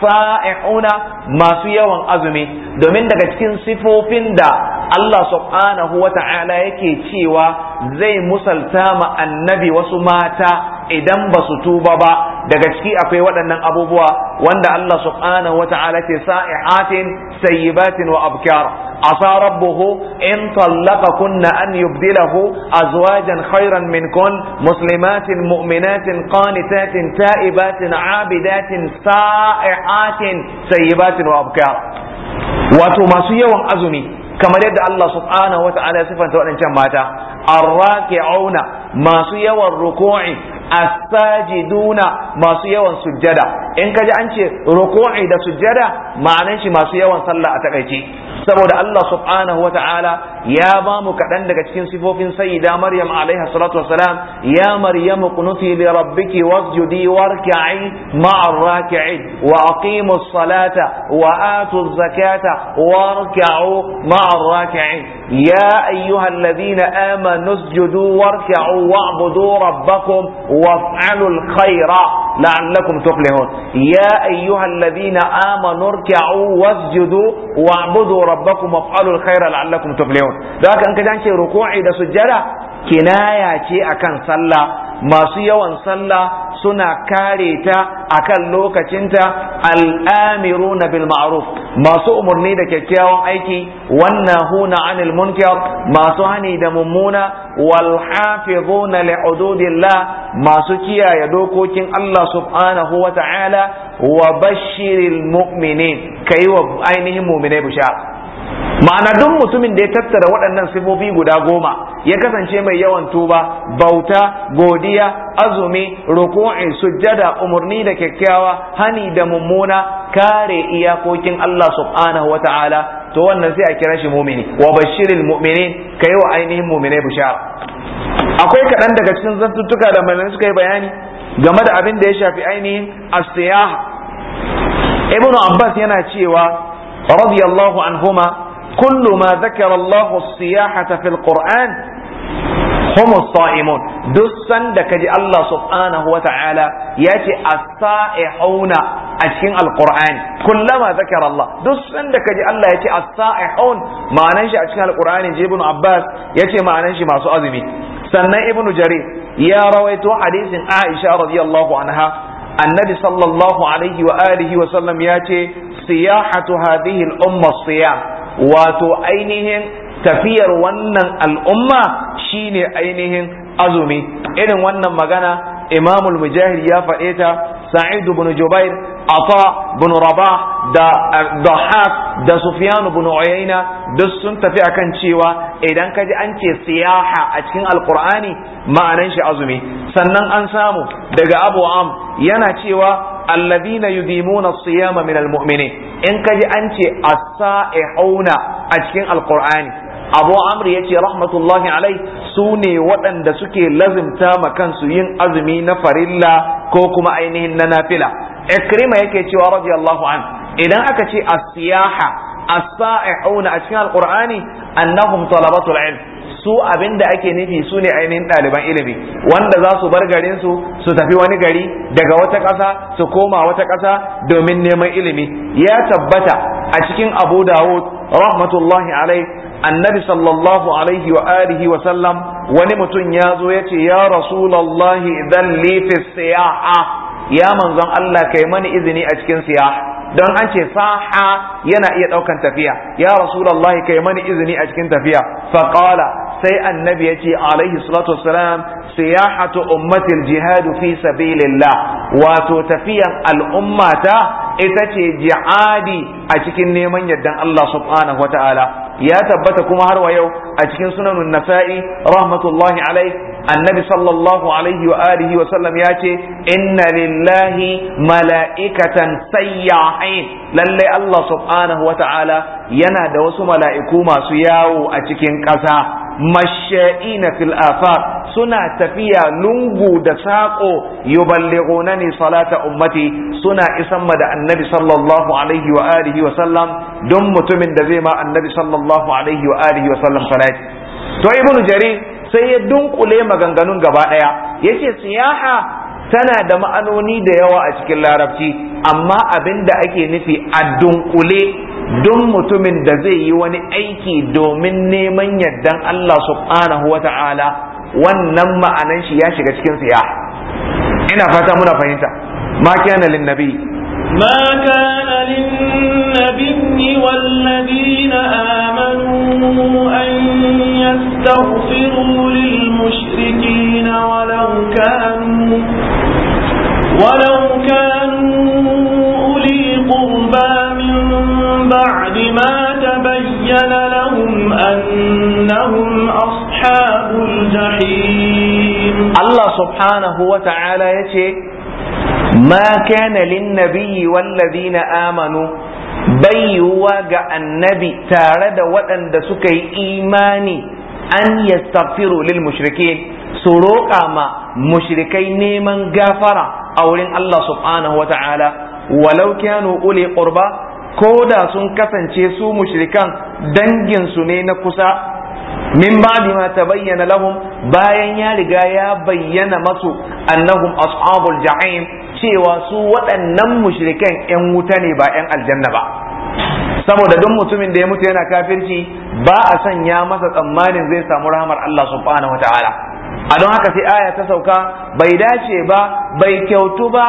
masu yawan azumi domin daga cikin sifofin da Allah subhanahu wa ta'ala yake cewa zai musalta ma annabi wasu mata idan ba su tuba ba daga ciki akwai waɗannan abubuwa wanda Allah subhanahu wata'ala ce sa'ihatin sayyibatin wa abkar asa rabbuhu in tallaka kunna an yubdilahu azwajan khairan min kun muslimatin mu'minatin qanitatin ta'ibatin abidatin sa'ihatin sayyibatin wa abkar wato masu yawan azumi kamar yadda Allah subhanahu wata'ala ya sifanta waɗancan mata الراكعون masu yawan الركوع as-sajiduna masu yawan sujjada in kaji an ce ruku'i da sujjada ma'anan shi masu yawan sallah a takaice saboda Allah subhanahu wa ta'ala ya ba mu kaɗan daga cikin sifofin sayyida Maryam alaiha salatu wasalam ya maryamu qunuti li rabbiki wasjudi warki'i ma'a raki'in wa aqimu salata wa atu zakata warki'u ma'a raki'in يا أيها الذين آمنوا اسجدوا واركعوا واعبدوا ربكم وافعلوا الخير لعلكم تفلحون يا أيها الذين آمنوا اركعوا واسجدوا واعبدوا ربكم وافعلوا الخير لعلكم تفلحون ذاك أنك جانشي ركوعي ده سجدة كناية شيء أكن صلى masu yawan sallah suna kare ta a kan lokacinta al'amiruna bil ma'ruf masu umarni da kyakkyawan aiki wannan huna anil munkar masu hani da mummuna wal hafizuna li hududillah masu kiyaye dokokin Allah subhanahu wa ta'ala wa bashiril mu'minin kai wa ainihin mu'minai bishara ma'ana duk mutumin da ya tattara waɗannan sifofi guda goma ya kasance mai yawan tuba bauta godiya azumi ruku'i sujjada umarni da kyakkyawa hani da mummuna kare iyakokin Allah subhanahu wa ta'ala to wannan sai a kira shi mumini wa bashiril mu'minin kai wa ainihin mu'mine bishara akwai kaɗan daga cikin zantuttuka da malamai suka yi bayani game da abin da ya shafi ainihin asiyaha ibnu abbas yana cewa radiyallahu anhuma kullu ma zakara Allah siyahata fil Qur'an humus sa'imun duk sanda kaji Allah subhanahu wa ta'ala yace as-sa'ihuna a cikin alqur'ani kullama zakara duk sanda kaji Allah yace as-sa'ihun ma'anan shi a cikin alqur'ani je ibn Abbas yace ma'anan shi masu azumi sannan ibn Jarir ya rawaito hadisin Aisha radiyallahu annabi sallallahu ya ce siyahatu hadhihi al-umma siyah wato ainihin tafiyar wannan al'umma shine ainihin azumi irin wannan magana imamul mujahid ya faɗe ta Sa'idu bin jubair ata bin rabah da dhahab da sufyan bin uyayna duk sun tafi akan cewa idan kaji an ce siyaha a cikin alqur'ani ma'anan shi azumi sannan an samu daga abu am yana cewa alladhina na as-siyama min al-mu'minin in kaji an ce as-sa'ihuna a cikin alqur'ani abu amri yace rahmatullahi alai su ne waɗanda suke lazimta ma kansu yin azumi na farilla ko kuma ainihin na nafila ikrima yake cewa radiyallahu an idan aka ce as-siyaha as-sa'ihuna a cikin alqur'ani annahum talabatul ilm su abin da ake nufi su ne ainihin ɗaliban ilimi wanda za su bar garin su su tafi wani gari daga wata ƙasa su koma wata ƙasa domin neman ilimi ya tabbata a cikin abu dawud rahmatullahi alai annabi sallallahu alaihi wa alihi wa sallam wani mutum ya zo ya ce ya rasulallahi idan li fi siyaha ya manzon Allah kai mani izini a cikin siyaha don an ce saha yana iya ɗaukan tafiya ya rasulullahi kai mani izini a cikin tafiya fa qala sai annabi yace alaihi salatu wassalam siyahatu ummatil aljihad fi sabilillah wato tafiyan al'ummata ita ce jihadi a cikin neman yardan Allah subhanahu ya tabbata kuma har wa yau a cikin sunanun nasa'i rahmatullahi alai annabi sallallahu alaihi wa wa sallam ya ce inna lillahi mala'ikatan sayyahin lallai Allah subhanahu wa ta'ala yana da wasu mala'iku masu yawo a cikin ƙasa masha'ina fil afaq suna tafiya lungu da saƙo yuballighuna ni salata ummati suna isan da annabi sallallahu alaihi wa wa sallam don mutumin da zai ma annabi sallallahu alaihi wa to sai ya dunkule maganganun gaba ɗaya ya ce siyaha tana da ma'anoni da yawa a cikin larabci amma abin da ake nufi a dunkule don mutumin da zai yi wani aiki domin neman yardan Allah subhanahu wa ta'ala wannan ma'anan shi ya shiga cikin siyaha ina fata muna fahimta ma kana lin nabi ma kana lin النبي والذين آمنوا أن يستغفروا للمشركين ولو كانوا ولو كانوا أولي قربى من بعد ما تبين لهم أنهم أصحاب الجحيم الله سبحانه وتعالى يتي ما كان للنبي والذين آمنوا bai yiwuwa ga annabi tare da waɗanda suka yi imani an yastaghfiru lil mushrikin su roƙa ma mushrikai neman gafara a wurin Allah subhanahu wata'ala walau kanu uli qurba ko da sun kasance su mushrikan dangin su ne na kusa min ba'di ma tabayyana lahum bayan ya riga ya bayyana masu annahum ashabul ja'im cewa su waɗannan mushrikan 'yan wuta ne ba 'yan aljanna ba saboda duk mutumin da ya mutu yana kafirci ba a sanya masa tsammanin zai samu rahamar Allah subhanahu wa ta'ala a don haka sai aya ta sauka bai dace ba bai kyautu ba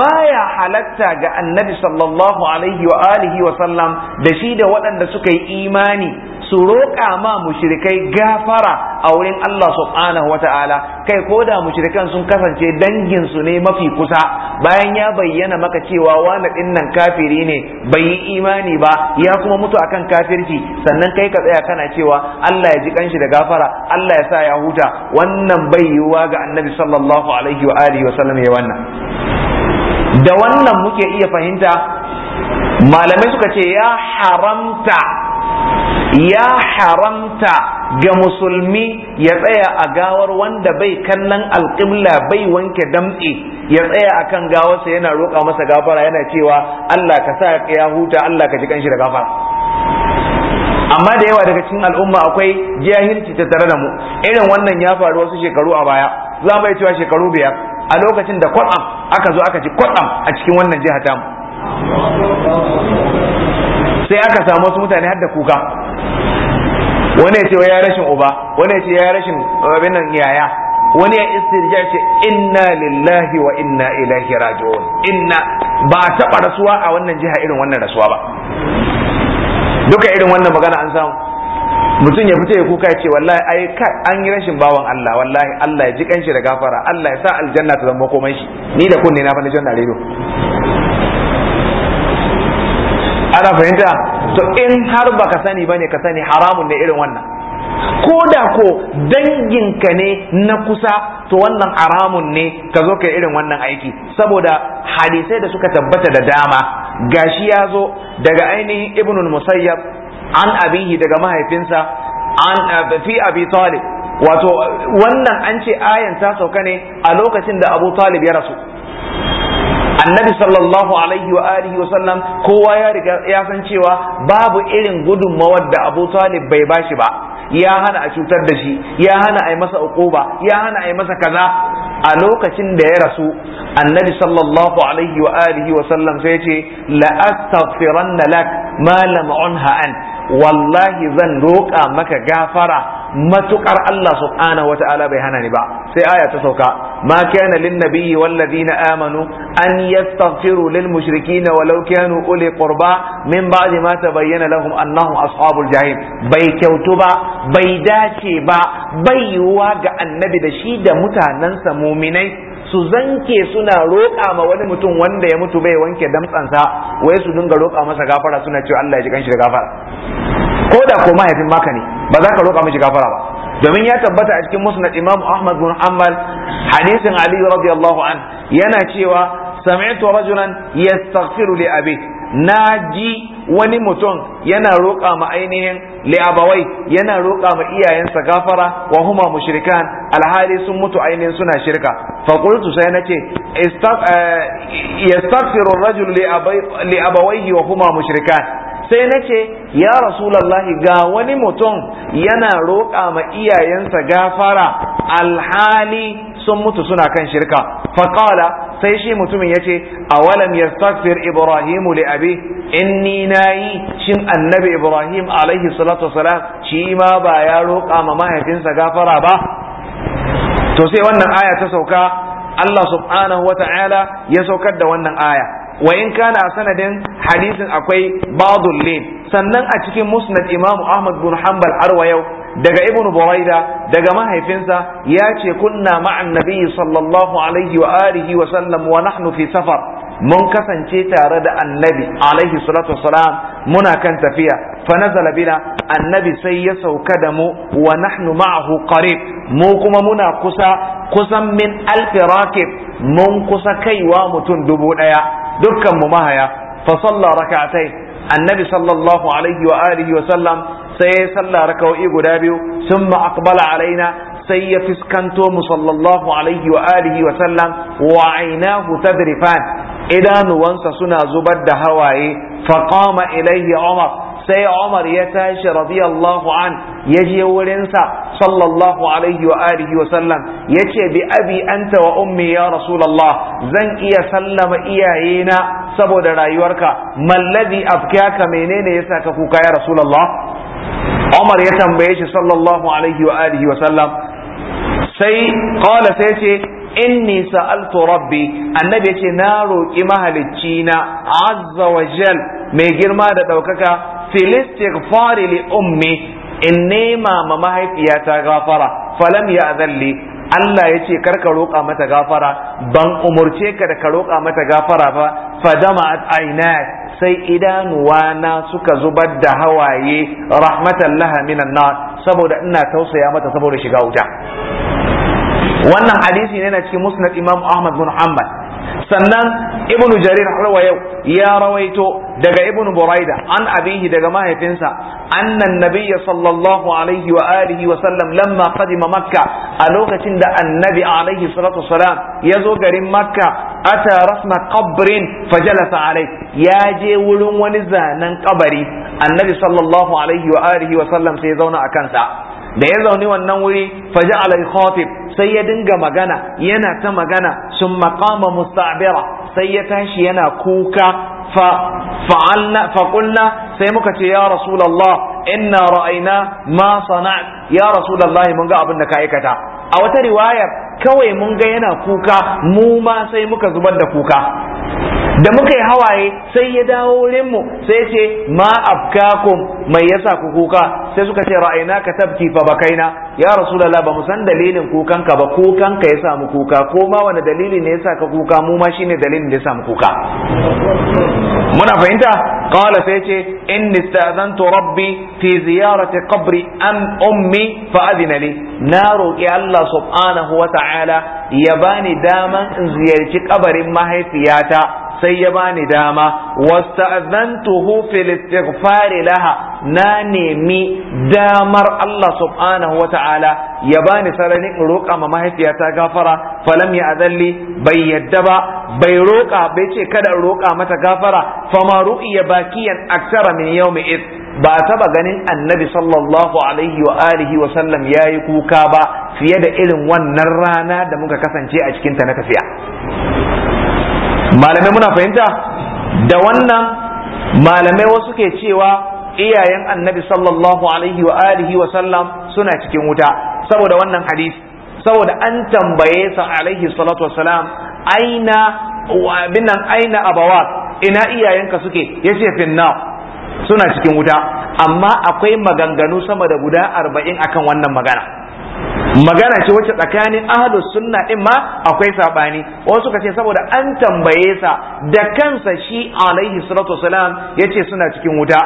baya halatta ga annabi sallallahu alaihi wa alihi wa sallam da shi da waɗanda suka yi imani su roƙa ma mushrikai gafara a wurin Allah subhanahu wa ta'ala kai ko da mushrikan sun kasance dangin su ne mafi kusa bayan ya bayyana maka cewa wani ɗin nan kafiri ne bai yi imani ba ya kuma mutu akan kafirci sannan kai ka tsaya kana cewa Allah ya ji kanshi da gafara Allah ya sa ya huta wannan bai yiwuwa ga annabi sallallahu alaihi wa alihi wa ya wannan da wannan muke iya fahimta malamai suka ce ya haramta ya haramta ga musulmi ya tsaya a gawar wanda bai kallon alƙibla bai wanke damtse ya tsaya a kan gawarsa yana roƙa masa gafara yana cewa Allah ka sa ya huta Allah ka ji kanshi da gafara amma da yawa daga cikin al'umma akwai jahilci ta tare da mu irin wannan ya faru wasu shekaru a baya za mu cewa shekaru biyar a lokacin da kwatsam aka zo aka ci kwatsam a cikin wannan jiha tamu sai aka samu wasu mutane har da kuka wani ya ce ya rashin uba wani ya ce ya rashin eh, abin nan yaya wani ya istirja ce inna lillahi wa inna ilaihi raji'un inna ba taɓa rasuwa a wannan jiha irin wannan rasuwa ba duka irin wannan magana an samu mutum ya fita ya kuka ya ce wallahi ai kai an yi rashin bawan Allah wallahi Allah ya ji kanshi da gafara Allah ya sa aljanna ta zama komai shi ni da kunne na fa na jannar rido ana fahimta to in har baka sani bane ka sani haramun ne irin wannan ko da ko danginka ne na kusa to wannan haramun ne ka zo ka irin wannan aiki saboda hadisai da suka tabbata da dama gashi ya zo daga ainihin ibnul musayyab an abihi daga mahaifinsa an eh, fi abi talib wato wannan an ce ayan ta sauka ne a lokacin da abu talib ya rasu annabi sallallahu alaihi wa alihi wa sallam kowa ya riga ya san cewa babu irin gudunmawar da Abu Talib bai bashi ba ya hana a cutar da shi ya hana a yi masa uquba ya hana a yi masa kaza a lokacin da ya rasu annabi sallallahu alaihi wa alihi wa sallam sai ce la astaghfiranna lak ma lam unha an wallahi zan roƙa maka gafara matukar Allah subhanahu ta'ala bai hana ni ba sai aya ta sauka ma kana lin nabiyyi wal ladina amanu an yastaghfiru lil mushrikeena walau kanu uli qurba min ba'di ma tabayyana lahum annahum ashabul jahim bai kyautu ba bai dace ba bai yiwuwa ga annabi da shi da mutanansa muminai su zanke suna roƙa ma wani mutum wanda ya mutu bai wanke damtsansa wai su dinga roƙa masa gafara suna cewa Allah ya ji kanshi da gafara ko da ko mahaifin maka ne ba za ka roƙa mishi gafara ba domin ya tabbata a cikin musnad imam ahmad bin hanbal hadisin ali radiyallahu an yana cewa sami'tu rajulan yastaghfiru li abi na ji wani mutum yana roƙa ma ainihin li'abawai yana roƙa ma iyayensa gafara wa huma mushrikan alhali sun mutu ainihin suna shirka fa qultu sai nace eh, yastaghfiru ar-rajulu li abawaihi wa huma mushrikan sai na ce ya rasulallahi ga wani mutum yana roƙa ma iyayensa gafara alhali sun mutu suna kan shirka faƙala sai shi mutumin ya ce awalam yastaghfir ibrahimu li abi inni nayi shin annabi ibrahim alaihi salatu wasalam shi ma ba ya roƙa ma mahaifinsa gafara ba to sai wannan aya ta sauka Allah subhanahu wa ta'ala ya saukar da wannan aya wa in kana a sanadin hadisin akwai ba'dul lin sannan a cikin musnad imam ahmad bin hanbal arwa yau daga ibnu buraida daga mahaifinsa ya ce kunna ma'an nabiyyi sallallahu alaihi wa alihi wa sallam wa nahnu fi safar mun kasance tare da annabi alaihi salatu wasalam muna kan tafiya fa nazala bina annabi sai ya sauka da mu wa nahnu ma'ahu qarib mu kuma muna kusa kusan min alfi rakib mun kusa kaiwa mutum dubu daya dukkan mu mahaya fa salla rak'atai annabi sallallahu alaihi wa alihi wa sallam sai ya salla rak'o'i guda biyu summa aqbala alaina sai ya fiskanto mu sallallahu alaihi wa alihi wa sallam wa ainahu tadrifan idanuwansa suna zubar da hawaye faqama ilaihi umar sai Umar ya tashi radiyallahu an ya je wurinsa sallallahu alaihi wa alihi wa sallam yace bi abi anta wa ummi ya rasulullah zan iya sallama iyayena saboda rayuwarka mallazi afkaka menene yasa ka kuka ya rasulullah Umar ya tambaye shi sallallahu alaihi wa alihi wa sallam sai qala sai ce inni sa'altu rabbi annabi yace na roki mahalicci na azza wa jal mai girma da ɗaukaka. fil istighfari li ummi in nema ma mahaifiyata gafara falam ya zalli Allah ya ce kar ka roƙa mata gafara ban umurce ka da ka roƙa mata gafara ba fadama'at ainat sai idanuwa na suka zubar da hawaye rahmatan laha minan saboda ina tausaya mata saboda shiga wuta wannan hadisi ne na cikin musnad Imam Ahmad bin Hanbal sannan ibnu jarir har yau ya rawaito daga ibnu buraida an abihi daga mahaifinsa annan nabiyya sallallahu alaihi wa alihi wa sallam lamma qadima makka a lokacin da annabi alaihi salatu wasalam ya zo garin makka ata rasma qabrin fajalasa alai ya je wurin wani zanen kabari annabi sallallahu alaihi wa alihi wa sallam sai ya zauna a kansa da ya zauni wannan wuri faja'ala khatib sai ya dinga magana yana ta magana sun maqama musta'bira sai ya tashi yana kuka fa fa'alna fa qulna sai muka ce ya rasulullah inna ra'ayna ma sana'a ya rasulullah mun ga abin da ka aikata a wata riwayar kawai mun ga yana kuka mu ma sai muka zubar da kuka da muka yi hawaye sai ya dawo wurin mu sai ya ce ma afkakum mai yasa ku kuka sai suka ce ra'ayna ka tabki fa bakaina ya rasulullah ba mu san dalilin kukanka ba kukanka yasa mu kuka ko ma wani dalili ne yasa ka kuka mu ma shine dalilin da yasa mu kuka muna fahimta qala sai ce inni sta'zantu rabbi fi ziyarati qabri an ummi fa adina li na roki Allah subhanahu wa ta'ala ya bani daman in ziyarci kabarin mahaifiyata sai ya bani dama wasta'zantuhu fil istighfar laha na nemi damar Allah subhanahu wata'ala ya bani sarani in roƙa ma mahaifiyata gafara falam ya azalli bai yadda ba bai roƙa bai ce kada in roƙa mata gafara fama ru'iya bakiyan aktara min yawmi id ba taba ganin annabi sallallahu alaihi wa alihi wa sallam yayi kuka ba fiye da irin wannan rana da muka kasance a cikin ta na tafiya malamai muna fahimta da wannan malamai wasu ke cewa iyayen annabi sallallahu alaihi wa alihi wa sallam suna cikin wuta saboda wannan hadisi saboda an tambaye sa alaihi salatu wasalam aina binan aina abawa ina iyayenka suke yace finna suna cikin wuta amma akwai maganganu sama da guda arba'in akan wannan magana magana ce wacce tsakanin ahlus sunna din ma akwai sabani wasu kace saboda an tambaye sa da kansa shi alaihi salatu wasalam yace suna cikin wuta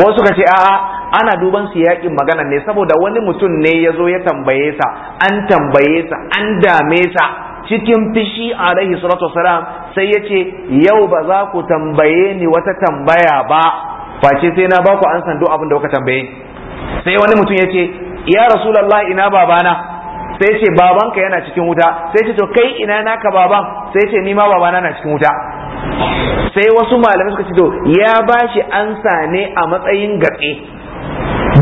wasu kace a'a ana duban su yakin magana ne saboda wani mutum ne ya zo ya tambaye sa an tambaye sa an dame sa cikin fishi alaihi salatu wasalam sai yace yau ba za ku tambaye ni wata tambaya ba face sai na ba ku an sandu abin da kuka tambaye sai wani mutum yace ya rasulallah ina babana sai ce babanka yana cikin wuta sai ce to kai ina naka baban sai ce ni ma babana na cikin wuta sai wasu malamai suka ce to ya bashi ansa ne a matsayin gatse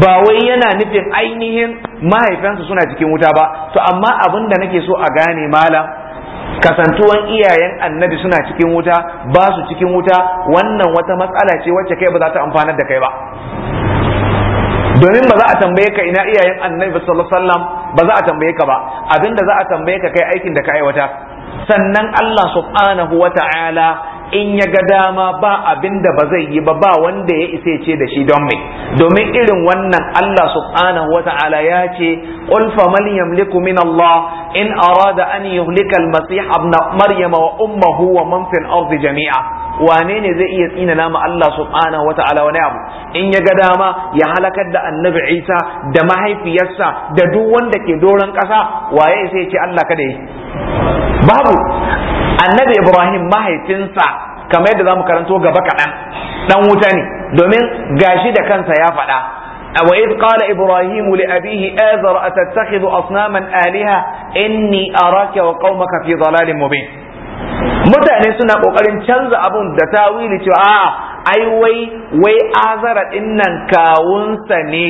ba wai yana nufin ainihin mahaifansa suna cikin wuta ba to amma abin da nake so a gane malam kasantuwan iyayen annabi suna cikin wuta ba su cikin wuta wannan wata matsala ce wacce kai ba za ta amfanar da kai ba domin ba za a tambaye ka ina iyayen annabi sallallahu alaihi wasallam ba za a tambaye ka ba abinda za a tambaye ka kai aikin da ka aiwata sannan Allah subhanahu wata'ala in ya ga dama ba abin da ba zai yi ba ba wanda ya isa ce da shi don mai domin irin wannan Allah subhanahu wa ta'ala ya ce qul maryam yamliku min Allah in arada an yuhlika al-masih ibn maryam wa ummuhu wa man fil jami'a wane ne zai iya tsina nama Allah subhanahu ta'ala wani abu in ya ga dama ya halakar da annabi Isa da mahaifiyarsa da duk wanda ke doron ƙasa waye sai ya ce Allah kada yi babu annabi ibrahim mahaifinsa kamar yadda zamu karanto gaba kaɗan ɗan wuta ne domin gashi da kansa ya faɗa وإذ قال إبراهيم لأبيه آذر أتتخذ أصناما آلهة إني أراك وقومك في ضلال مبين mutane suna kokarin canza abun da tawili cewa a ai wai wai azara dinnan kawunsa ne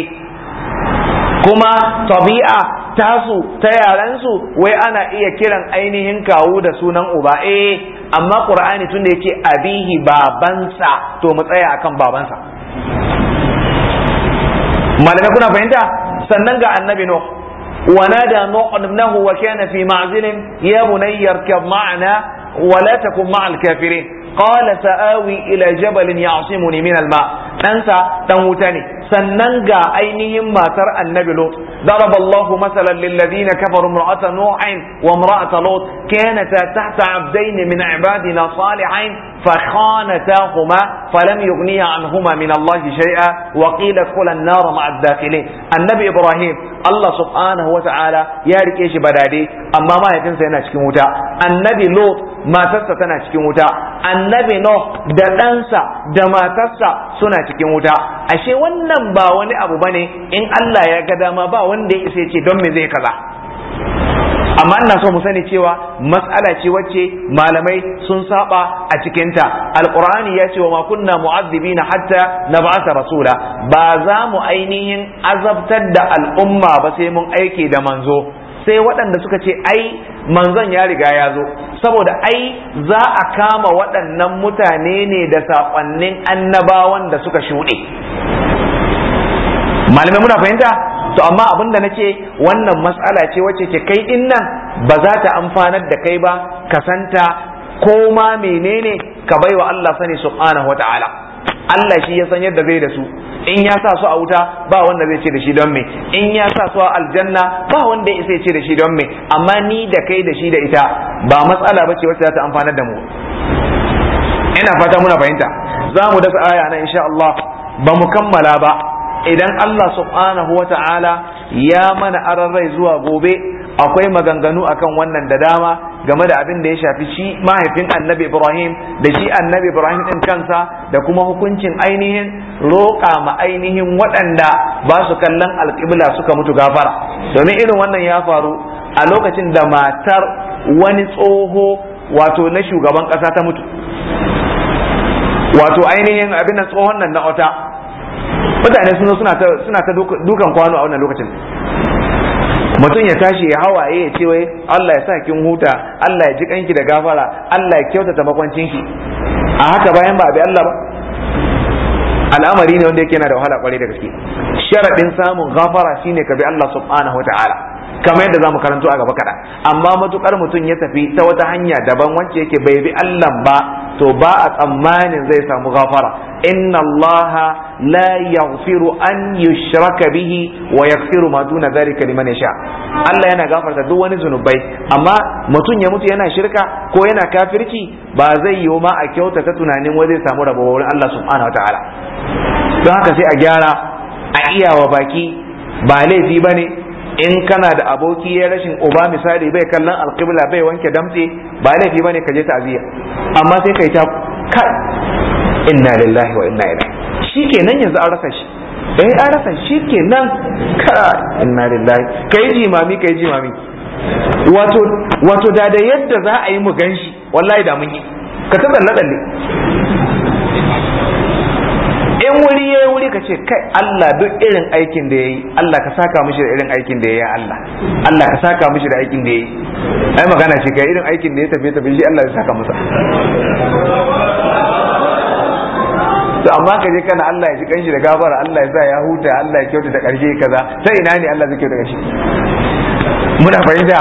kuma tabi'a tasu ta yarensu wai ana iya kiran ainihin kawu da sunan uba eh amma qur'ani tunda yake abihi babansa to mu tsaya akan babansa malaka kuna fahimta sannan ga annabi no, nuh ونادى ya ابنه وكان في معزل يا بني اركب معنا ولا تكن مع الكافرين قال سآوي إلى جبل يعصمني من الماء wuta تموتني sannan ga ainihin matar annabi lot daraballahu masalan lil ladina kafaru imra'ata nu'in wa imra'ata lot kanat tahta abdayn min ibadina salihin فخانتاهما فلم يغنيا عنهما من الله شيئا وقيل ادخلا النار مع Annabi Ibrahim Allah الله سبحانه وتعالى يا rike shi badade amma mahaifinsa yana cikin wuta annabi Lo matarsa tana cikin wuta annabi no da ɗansa da matarsa suna cikin wuta ashe wannan ba wani abu bane in Allah ya ga dama ba wanda ya isa ce don me zai kaza amma ina so mu sani cewa mas'ala ce wacce malamai sun saba a cikinta alqur'ani ya ce wa ma kunna mu'azzibina hatta nab'atha rasula ba za mu ainihin azabtar da al'umma ba sai mun aike da manzo sai waɗanda suka ce ai manzon ya riga ya zo saboda ai za a kama waɗannan mutane ne da saƙonnin annabawan da suka shuɗe malamai muna fahimta to amma abin da nake wannan matsala ce wacce ke kai din nan ba za ta amfanar da kai ba ka santa ko ma menene ka baiwa Allah sani subhanahu wataala Allah shi ya san yadda zai da su in ya sa su a wuta ba wanda zai ce da shi don me in ya sa su a aljanna ba wanda ya ce da shi don me amma ni da kai da shi da ita ba matsala ba ce wacce za ta amfanar da mu ina fata muna fahimta zamu mu dasa aya na insha Allah ba mu kammala ba idan Allah subhanahu wa ta'ala ya mana aran rai zuwa gobe akwai maganganu akan wannan da dama game da abin da ya shafi shi mahaifin annabi Ibrahim da shi annabi Ibrahim din kansa da kuma hukuncin ainihin roƙa ma ainihin waɗanda ba su kallon alƙibla suka mutu gafara domin irin wannan ya faru a lokacin da matar wani tsoho wato na shugaban ƙasa ta mutu wato ainihin abin tsohon nan na ota mutane suna ta suna ta dukan kwano a wannan lokacin mutum ya tashi ya hawaye eh, ya ce wai Allah ya sa kin huta Allah ya ji kanki da gafara Allah ya kyautata ki a haka bayan ba bi Allah ba al'amari ne wanda yake yana da wahala kwarai da gaske sharadin samun gafara shine ka bi Allah subhanahu wataala kamar yadda za mu karanto a gaba kada amma matukar mutum ya tafi ta wata hanya daban wacce yake bai bi Allah ba to ba a tsammanin zai samu gafara inna Allah la yaghfiru an yushraka bihi wa yaghfiru ma duna dhalika liman yasha Allah yana gafarta duk wani zunubai amma mutum ya mutu yana shirka ko yana kafirci ba zai yiwu ma a kyauta ta tunanin wai zai samu rabo wurin Allah subhanahu wataala don haka sai a gyara a iyawa baki ba laifi bane in kana da aboki ya rashin uba misali bai kallon alƙibla bai wanke damtse ba laifi bane ka je ta'aziyya amma sai kai ta kai inna lillahi wa inna ilaihi shikenan yanzu an rasa shi eh an rasa shikenan ka inna lillahi kai jimami kai jimami wato wato da da yadda za a yi mu ganshi wallahi da mun yi ka ta tsalle tsalle idan wuri ya yi wuri ka ce kai Allah duk irin aikin da ya yi Allah ka saka mishi da irin aikin da ya yi Allah Allah ka saka mishi da aikin da ya yi ai magana ce kai irin aikin da ya tafi tafi shi Allah ya saka masa to amma ka je kana Allah ya ji kanshi da gafara Allah ya sa ya huta Allah ya kyauta da karshe kaza sai ina ne Allah zai kyauta da karshe muna fahimta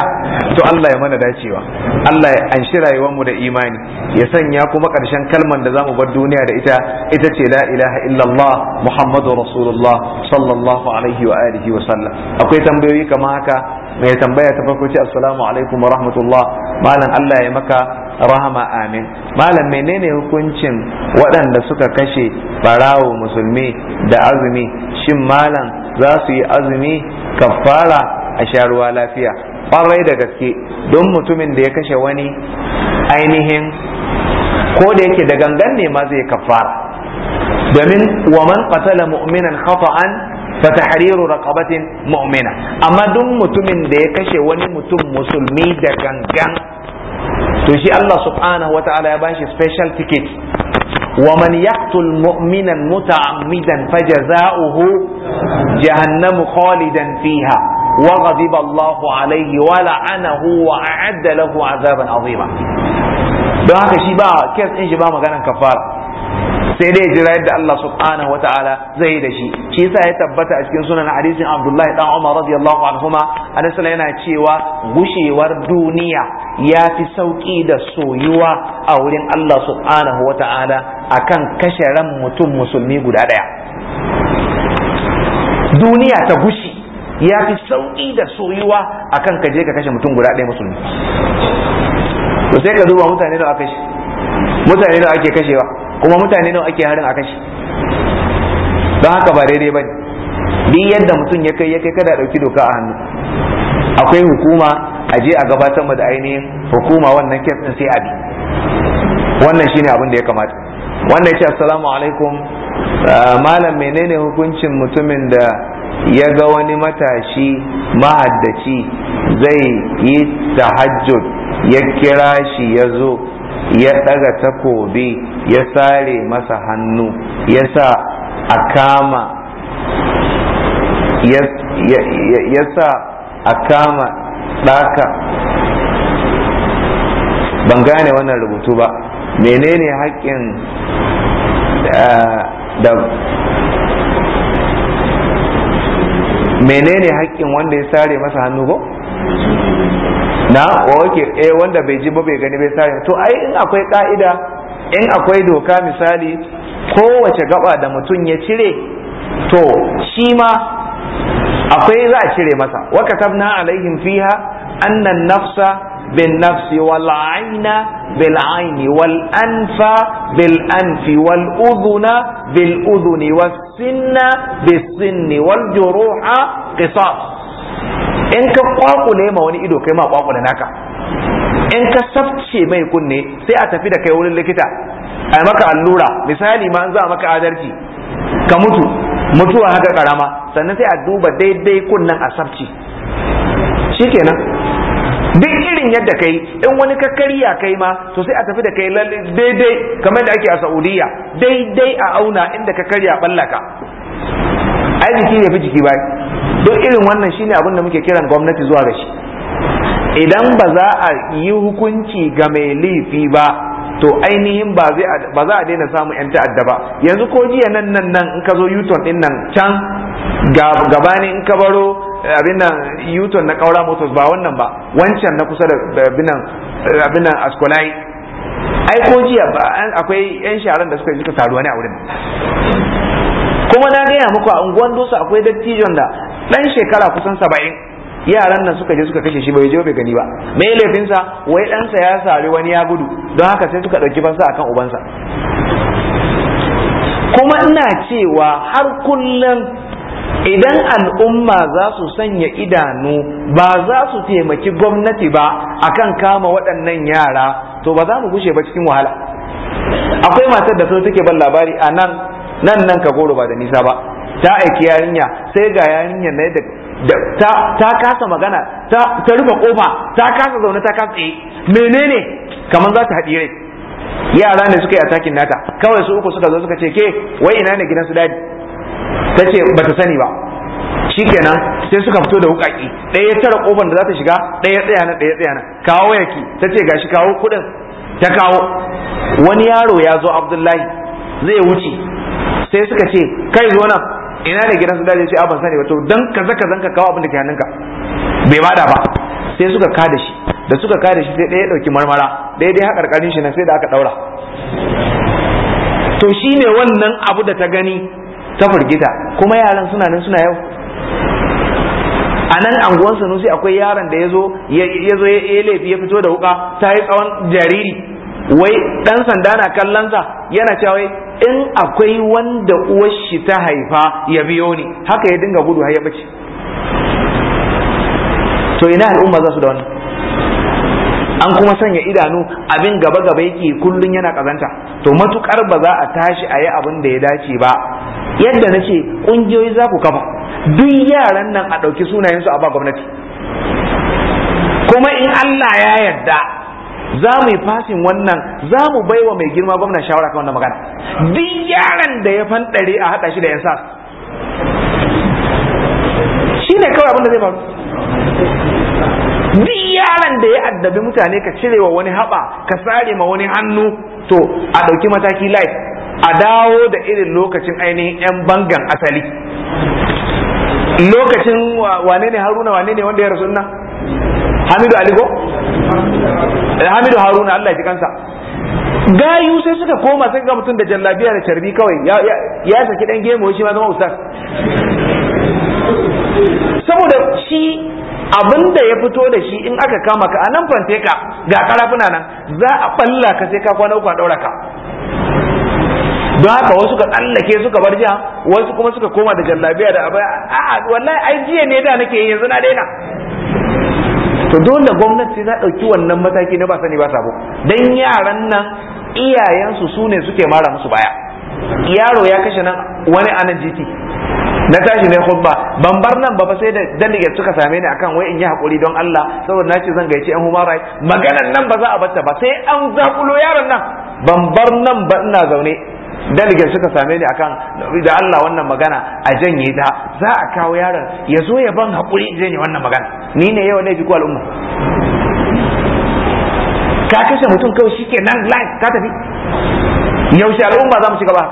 to Allah ya mana dacewa Allah ya anshi rayuwar mu da imani ya sanya kuma karshen kalman da zamu bar duniya da ita ita ce la ilaha illallah muhammadu rasulullah sallallahu alaihi wa alihi wa sallam akwai tambayoyi kama haka mai tambaya ta farko ce assalamu alaikum wa rahmatullah malam Allah ya maka rahama amin malam menene hukuncin waɗanda suka kashe barawo musulmi da azumi shin malam za su yi azumi kafara a sha ruwa lafiya ƙwarai da gaske don mutumin da ya kashe wani ainihin ko da yake da gangan ne ma zai kafara domin wa man qatala mu'minan khata'an fa tahriru raqabatin mu'mina amma duk mutumin da ya kashe wani mutum musulmi da gangan to shi Allah subhanahu wa ta'ala ya bashi special ticket ومن يقتل mu'minan متعمدا fajazauhu jahannamu خالدا fiha. وغضب الله عليه ولعنه وأعد له عذابا عظيما don haka shi ba kes din shi ba maganan kafara sai dai jira yadda Allah subhanahu wa ta'ala zai yi da shi shi yasa ya tabbata a cikin sunan hadisin Abdullahi dan Umar radiyallahu anhuma yana cewa gushewar duniya ya fi sauki da soyuwa a wurin Allah subhanahu wa ta'ala akan kashe ran mutum musulmi guda daya duniya ta gushi ya fi sauƙi da soyuwa a ka je ka kashe mutum guda ɗaya musulmi to sai ka duba mutane nawa kashe mutane nawa ake kashewa kuma mutane nawa ake harin a kashe don haka ba daidai bane duk yadda mutum ya kai ya kai kada dauki doka a hannu akwai hukuma a je a gabatar da ainihin hukuma wannan kes din sai a bi wannan shine abin da ya kamata wannan ya ce assalamu alaikum ah, malam menene hukuncin mutumin da ya ga wani matashi mahaddaci zai yi tahajjud ya kira shi ya zo ya ɗaga takobi ya sare masa hannu ya sa a kama ya sa a kama ɗaka ban gane wannan rubutu ba menene haƙƙin eh, da menene hakkin wanda ya sare masa hannu ko na oke eh wanda bai ji ba bai gani bai sare to ai in akwai ka'ida in akwai doka misali kowace gaba da mutum ya cire to shi ma akwai za a cire masa wa katabna alaihim fiha annan nafsa bin nafsi wal aina bil aini wal anfa bil anfi wal udhuna bil udhuni was sinna bis sinni wal juruha qisas in ka kwakule ma wani ido kai ma kwakule naka in ka safce mai kunne sai a tafi da kai wurin likita a maka allura misali ma an za maka adalci ka mutu mutuwa haka karama sannan sai a duba daidai kunnen a Shi shikenan irin yadda kai in wani ka karya kai ma to sai a tafi da kai daidai kamar da ake a Saudiya daidai a auna inda ka karya ballaka ai jiki ya fi jiki bai don irin wannan shine abin da muke kiran gwamnati zuwa ga shi idan ba za a yi hukunci ga mai laifi ba to ainihin ba za a daina samu 'yan ta'adda ba yanzu ko jiya nan nan nan in ka zo yuton din nan can gaba in ka baro Eh, abin nan yuton na Kaura Motors ba wannan ba wancan na kusa da abin nan eh, Askolai ai jiya ba akwai yan sharan da suka yi suka wani a wurin kuma na gaya muku a unguwan dosa akwai dattijon da dan shekara kusan saba'in yaran nan suka je suka kashe shi bai je bai gani ba Mai laifinsa wai ɗansa ya sari wani ya gudu don haka sai suka ɗauki fansa akan ubansa kuma ina cewa har kullum idan al'umma za su sanya idanu ba za su taimaki gwamnati ba a kan kama waɗannan yara to ba za mu gushe ba cikin wahala akwai matar da sun suke ban labari a nan nan nan ka goro ba da nisa ba ta aiki yarinya sai ga yarinya na yadda ta kasa magana ta rufe kofa ta kasa zaune ta kasa tsaye menene kamar za ta haɗi rai yara ne suka yi a takin nata kawai su uku suka zo suka ce ke wai ina ne gidan su dadi ta ce ba ta sani ba shikenan sai suka fito da wukaki ɗaya tara ƙofar da za ta shiga ɗaya tsaya na ɗaya tsaya na kawo yaki ta ce gashi kawo kuɗin ta kawo wani yaro ya zo abdullahi zai wuce sai suka ce kai zo nan ina ne gidan sun dace ce a ah, ban sani ba to dan kaza kaza ka kawo abin da ke hannunka bai bada ba sai suka kada shi da suka kada shi sai ɗaya ɗauki marmara daidai haka karkarin shi na sai da aka ɗaura to shine wannan abu da ta gani ta firgita kuma yaran suna nan suna yau a nan anguwan sanusi akwai yaron da ya zo ya laifi ya fito da wuka ta yi tsawon jariri wai dan sanda na kallonsa yana cewa in akwai wanda uwar shi ta haifa ya biyo ni haka ya dinga gudu har ya bace to ina al'umma za su da wannan an kuma sanya idanu abin gaba gaba yake kullun yana kazanta to matukar ba za a tashi a yi abin da ya dace ba yadda na ce ƙungiyoyi za ku kafa duk yaran nan a ɗauki sunayensu a ba gwamnati kuma in Allah ya yarda za mu yi fasin wannan za mu bai mai girma gwamnan shawara kan wannan magana duk yaran da ya fanɗare a haɗa shi da yan shi ne kawai abin zai faru duk yaran da ya addabi mutane ka cire wa wani haɓa ka sare ma wani hannu to a ɗauki mataki life a dawo da irin lokacin ainihin 'yan bangan asali lokacin wane ne haruna wane ne wanda ya rasu nan hamidu aligo eh, hamidu haruna allah ya ji kansa gayu sai suka koma sai ga mutum da jallabiya da carbi kawai ya saki dan gemu shi ma zama ustaz saboda shi abin da ya fito da shi in aka kama ka a nan fante ka ga karafuna nan za a balla ka sai ka kwana uku a daura ka don haka wasu ka tsallake suka bar jiha wasu kuma suka koma da jallabiya da abaya a wallahi ai jiya ne da nake yanzu na daina to dole gwamnati za ɗauki wannan mataki na ba sani ba sabo dan yaran nan iyayensu su ne suke mara musu baya yaro ya kashe nan wani anan jiti na tashi ne khutba ban bar nan ba fa sai da dalilin suka same ni akan wai in yi hakuri don Allah saboda na ce zan gaice yan human rights maganan nan ba za a batta ba sai an zakulo yaron nan ban bar nan ba ina zaune delegate suka same ni akan da Allah wannan magana a janye ta za a kawo yaron ya zo ya ban hakuri in janye wannan magana ni ne yau laifi ko al'umma ka kashe mutum kawai ke nan life ka tafi yaushe al'umma za mu shiga ba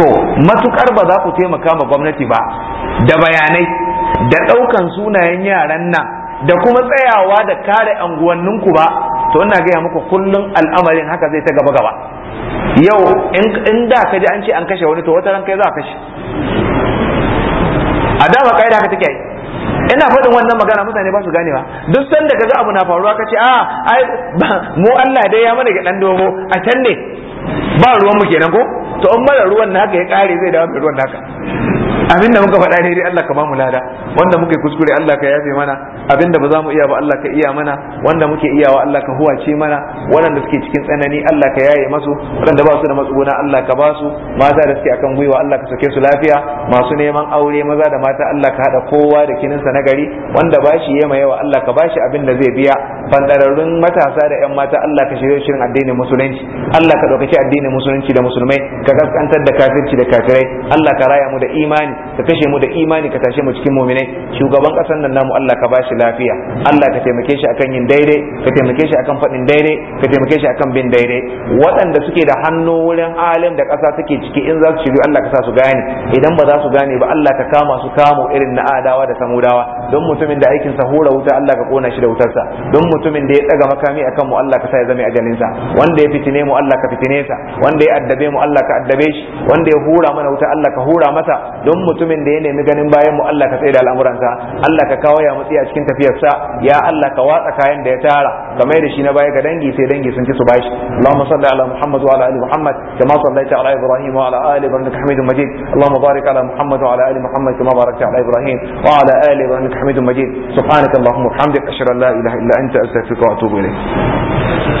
to matukar ba za ku taimaka ma gwamnati ba da bayanai da ɗaukan sunayen yaran nan da kuma tsayawa da kare anguwanninku ba to ina gaya muku kullum al'amarin haka zai ta gaba gaba yau in da ka ji an ce an kashe wani to wata ran kai za a kashe a da ba kai da haka take ina faɗin wannan magana mutane ba su gane ba, duk sanda ka ga abu na faruwa kace a ah, ai mu Allah dai ya mana ga dan dogo a can ne ba ruwan mu kenan ko to in mara ruwan naka ya kare zai dawo da ruwan naka abin da muka faɗa daidai Allah ka ba mu lada wanda muka yi kuskure Allah ka yafe mana abin da ba za mu iya ba Allah ka iya mana wanda muke iya wa Allah ka huwace mana waɗanda suke cikin tsanani Allah ka yaye masu waɗanda ba su da matsuguna Allah ka ba su mata da suke akan gwiwa Allah ka sake su lafiya masu neman aure maza da mata Allah ka haɗa kowa da kininsa na gari wanda ba shi yema yawa Allah ka ba shi abin da zai biya fandararrun matasa da ƴan mata Allah ka shirye shirin addinin musulunci Allah ka ɗaukaci addinin musulunci da musulmai ka kaskantar da kafirci da kafirai Allah ka raya mu da imani ka kashe mu da imani ka tashe mu cikin mu'minai shugaban kasar nan namu Allah ka bashi lafiya Allah ka taimake shi akan yin daidai ka taimake shi akan faɗin daidai ka taimake shi akan bin daidai waɗanda suke da hannu wurin alim da ƙasa suke ciki in za su shiryu Allah ka sa su gane idan ba za su gane ba Allah ka kama su kamo irin na adawa da samudawa don mutumin da aikin sa hura wuta Allah ka kona shi da wutarsa don mutumin da ya daga makami akan mu Allah ka sa ya zama ajalin sa wanda ya fitine mu Allah ka fitine sa wanda ya addabe mu Allah ka addabe shi wanda ya hura mana wuta Allah ka hura masa don mutumin da ya nemi ganin bayan mu Allah ka tsaye da al'amuransa Allah ka kawo ya mutsi a cikin tafiyarsa ya Allah ka watsa kayan da ya tara ka mai da shi na baya ga dangi sai dangi sun ci su bashi Allahumma salli ala Muhammad wa ala ali Muhammad kama sallaita ala Ibrahim wa ala ali Ibrahim innaka Hamidum Majid Allahumma barik ala Muhammad wa ala ali Muhammad kama barakta ala Ibrahim wa ala ali Ibrahim innaka Hamidum Majid subhanaka Allahumma wa ashhadu an la ilaha illa anta astaghfiruka wa atubu ilayk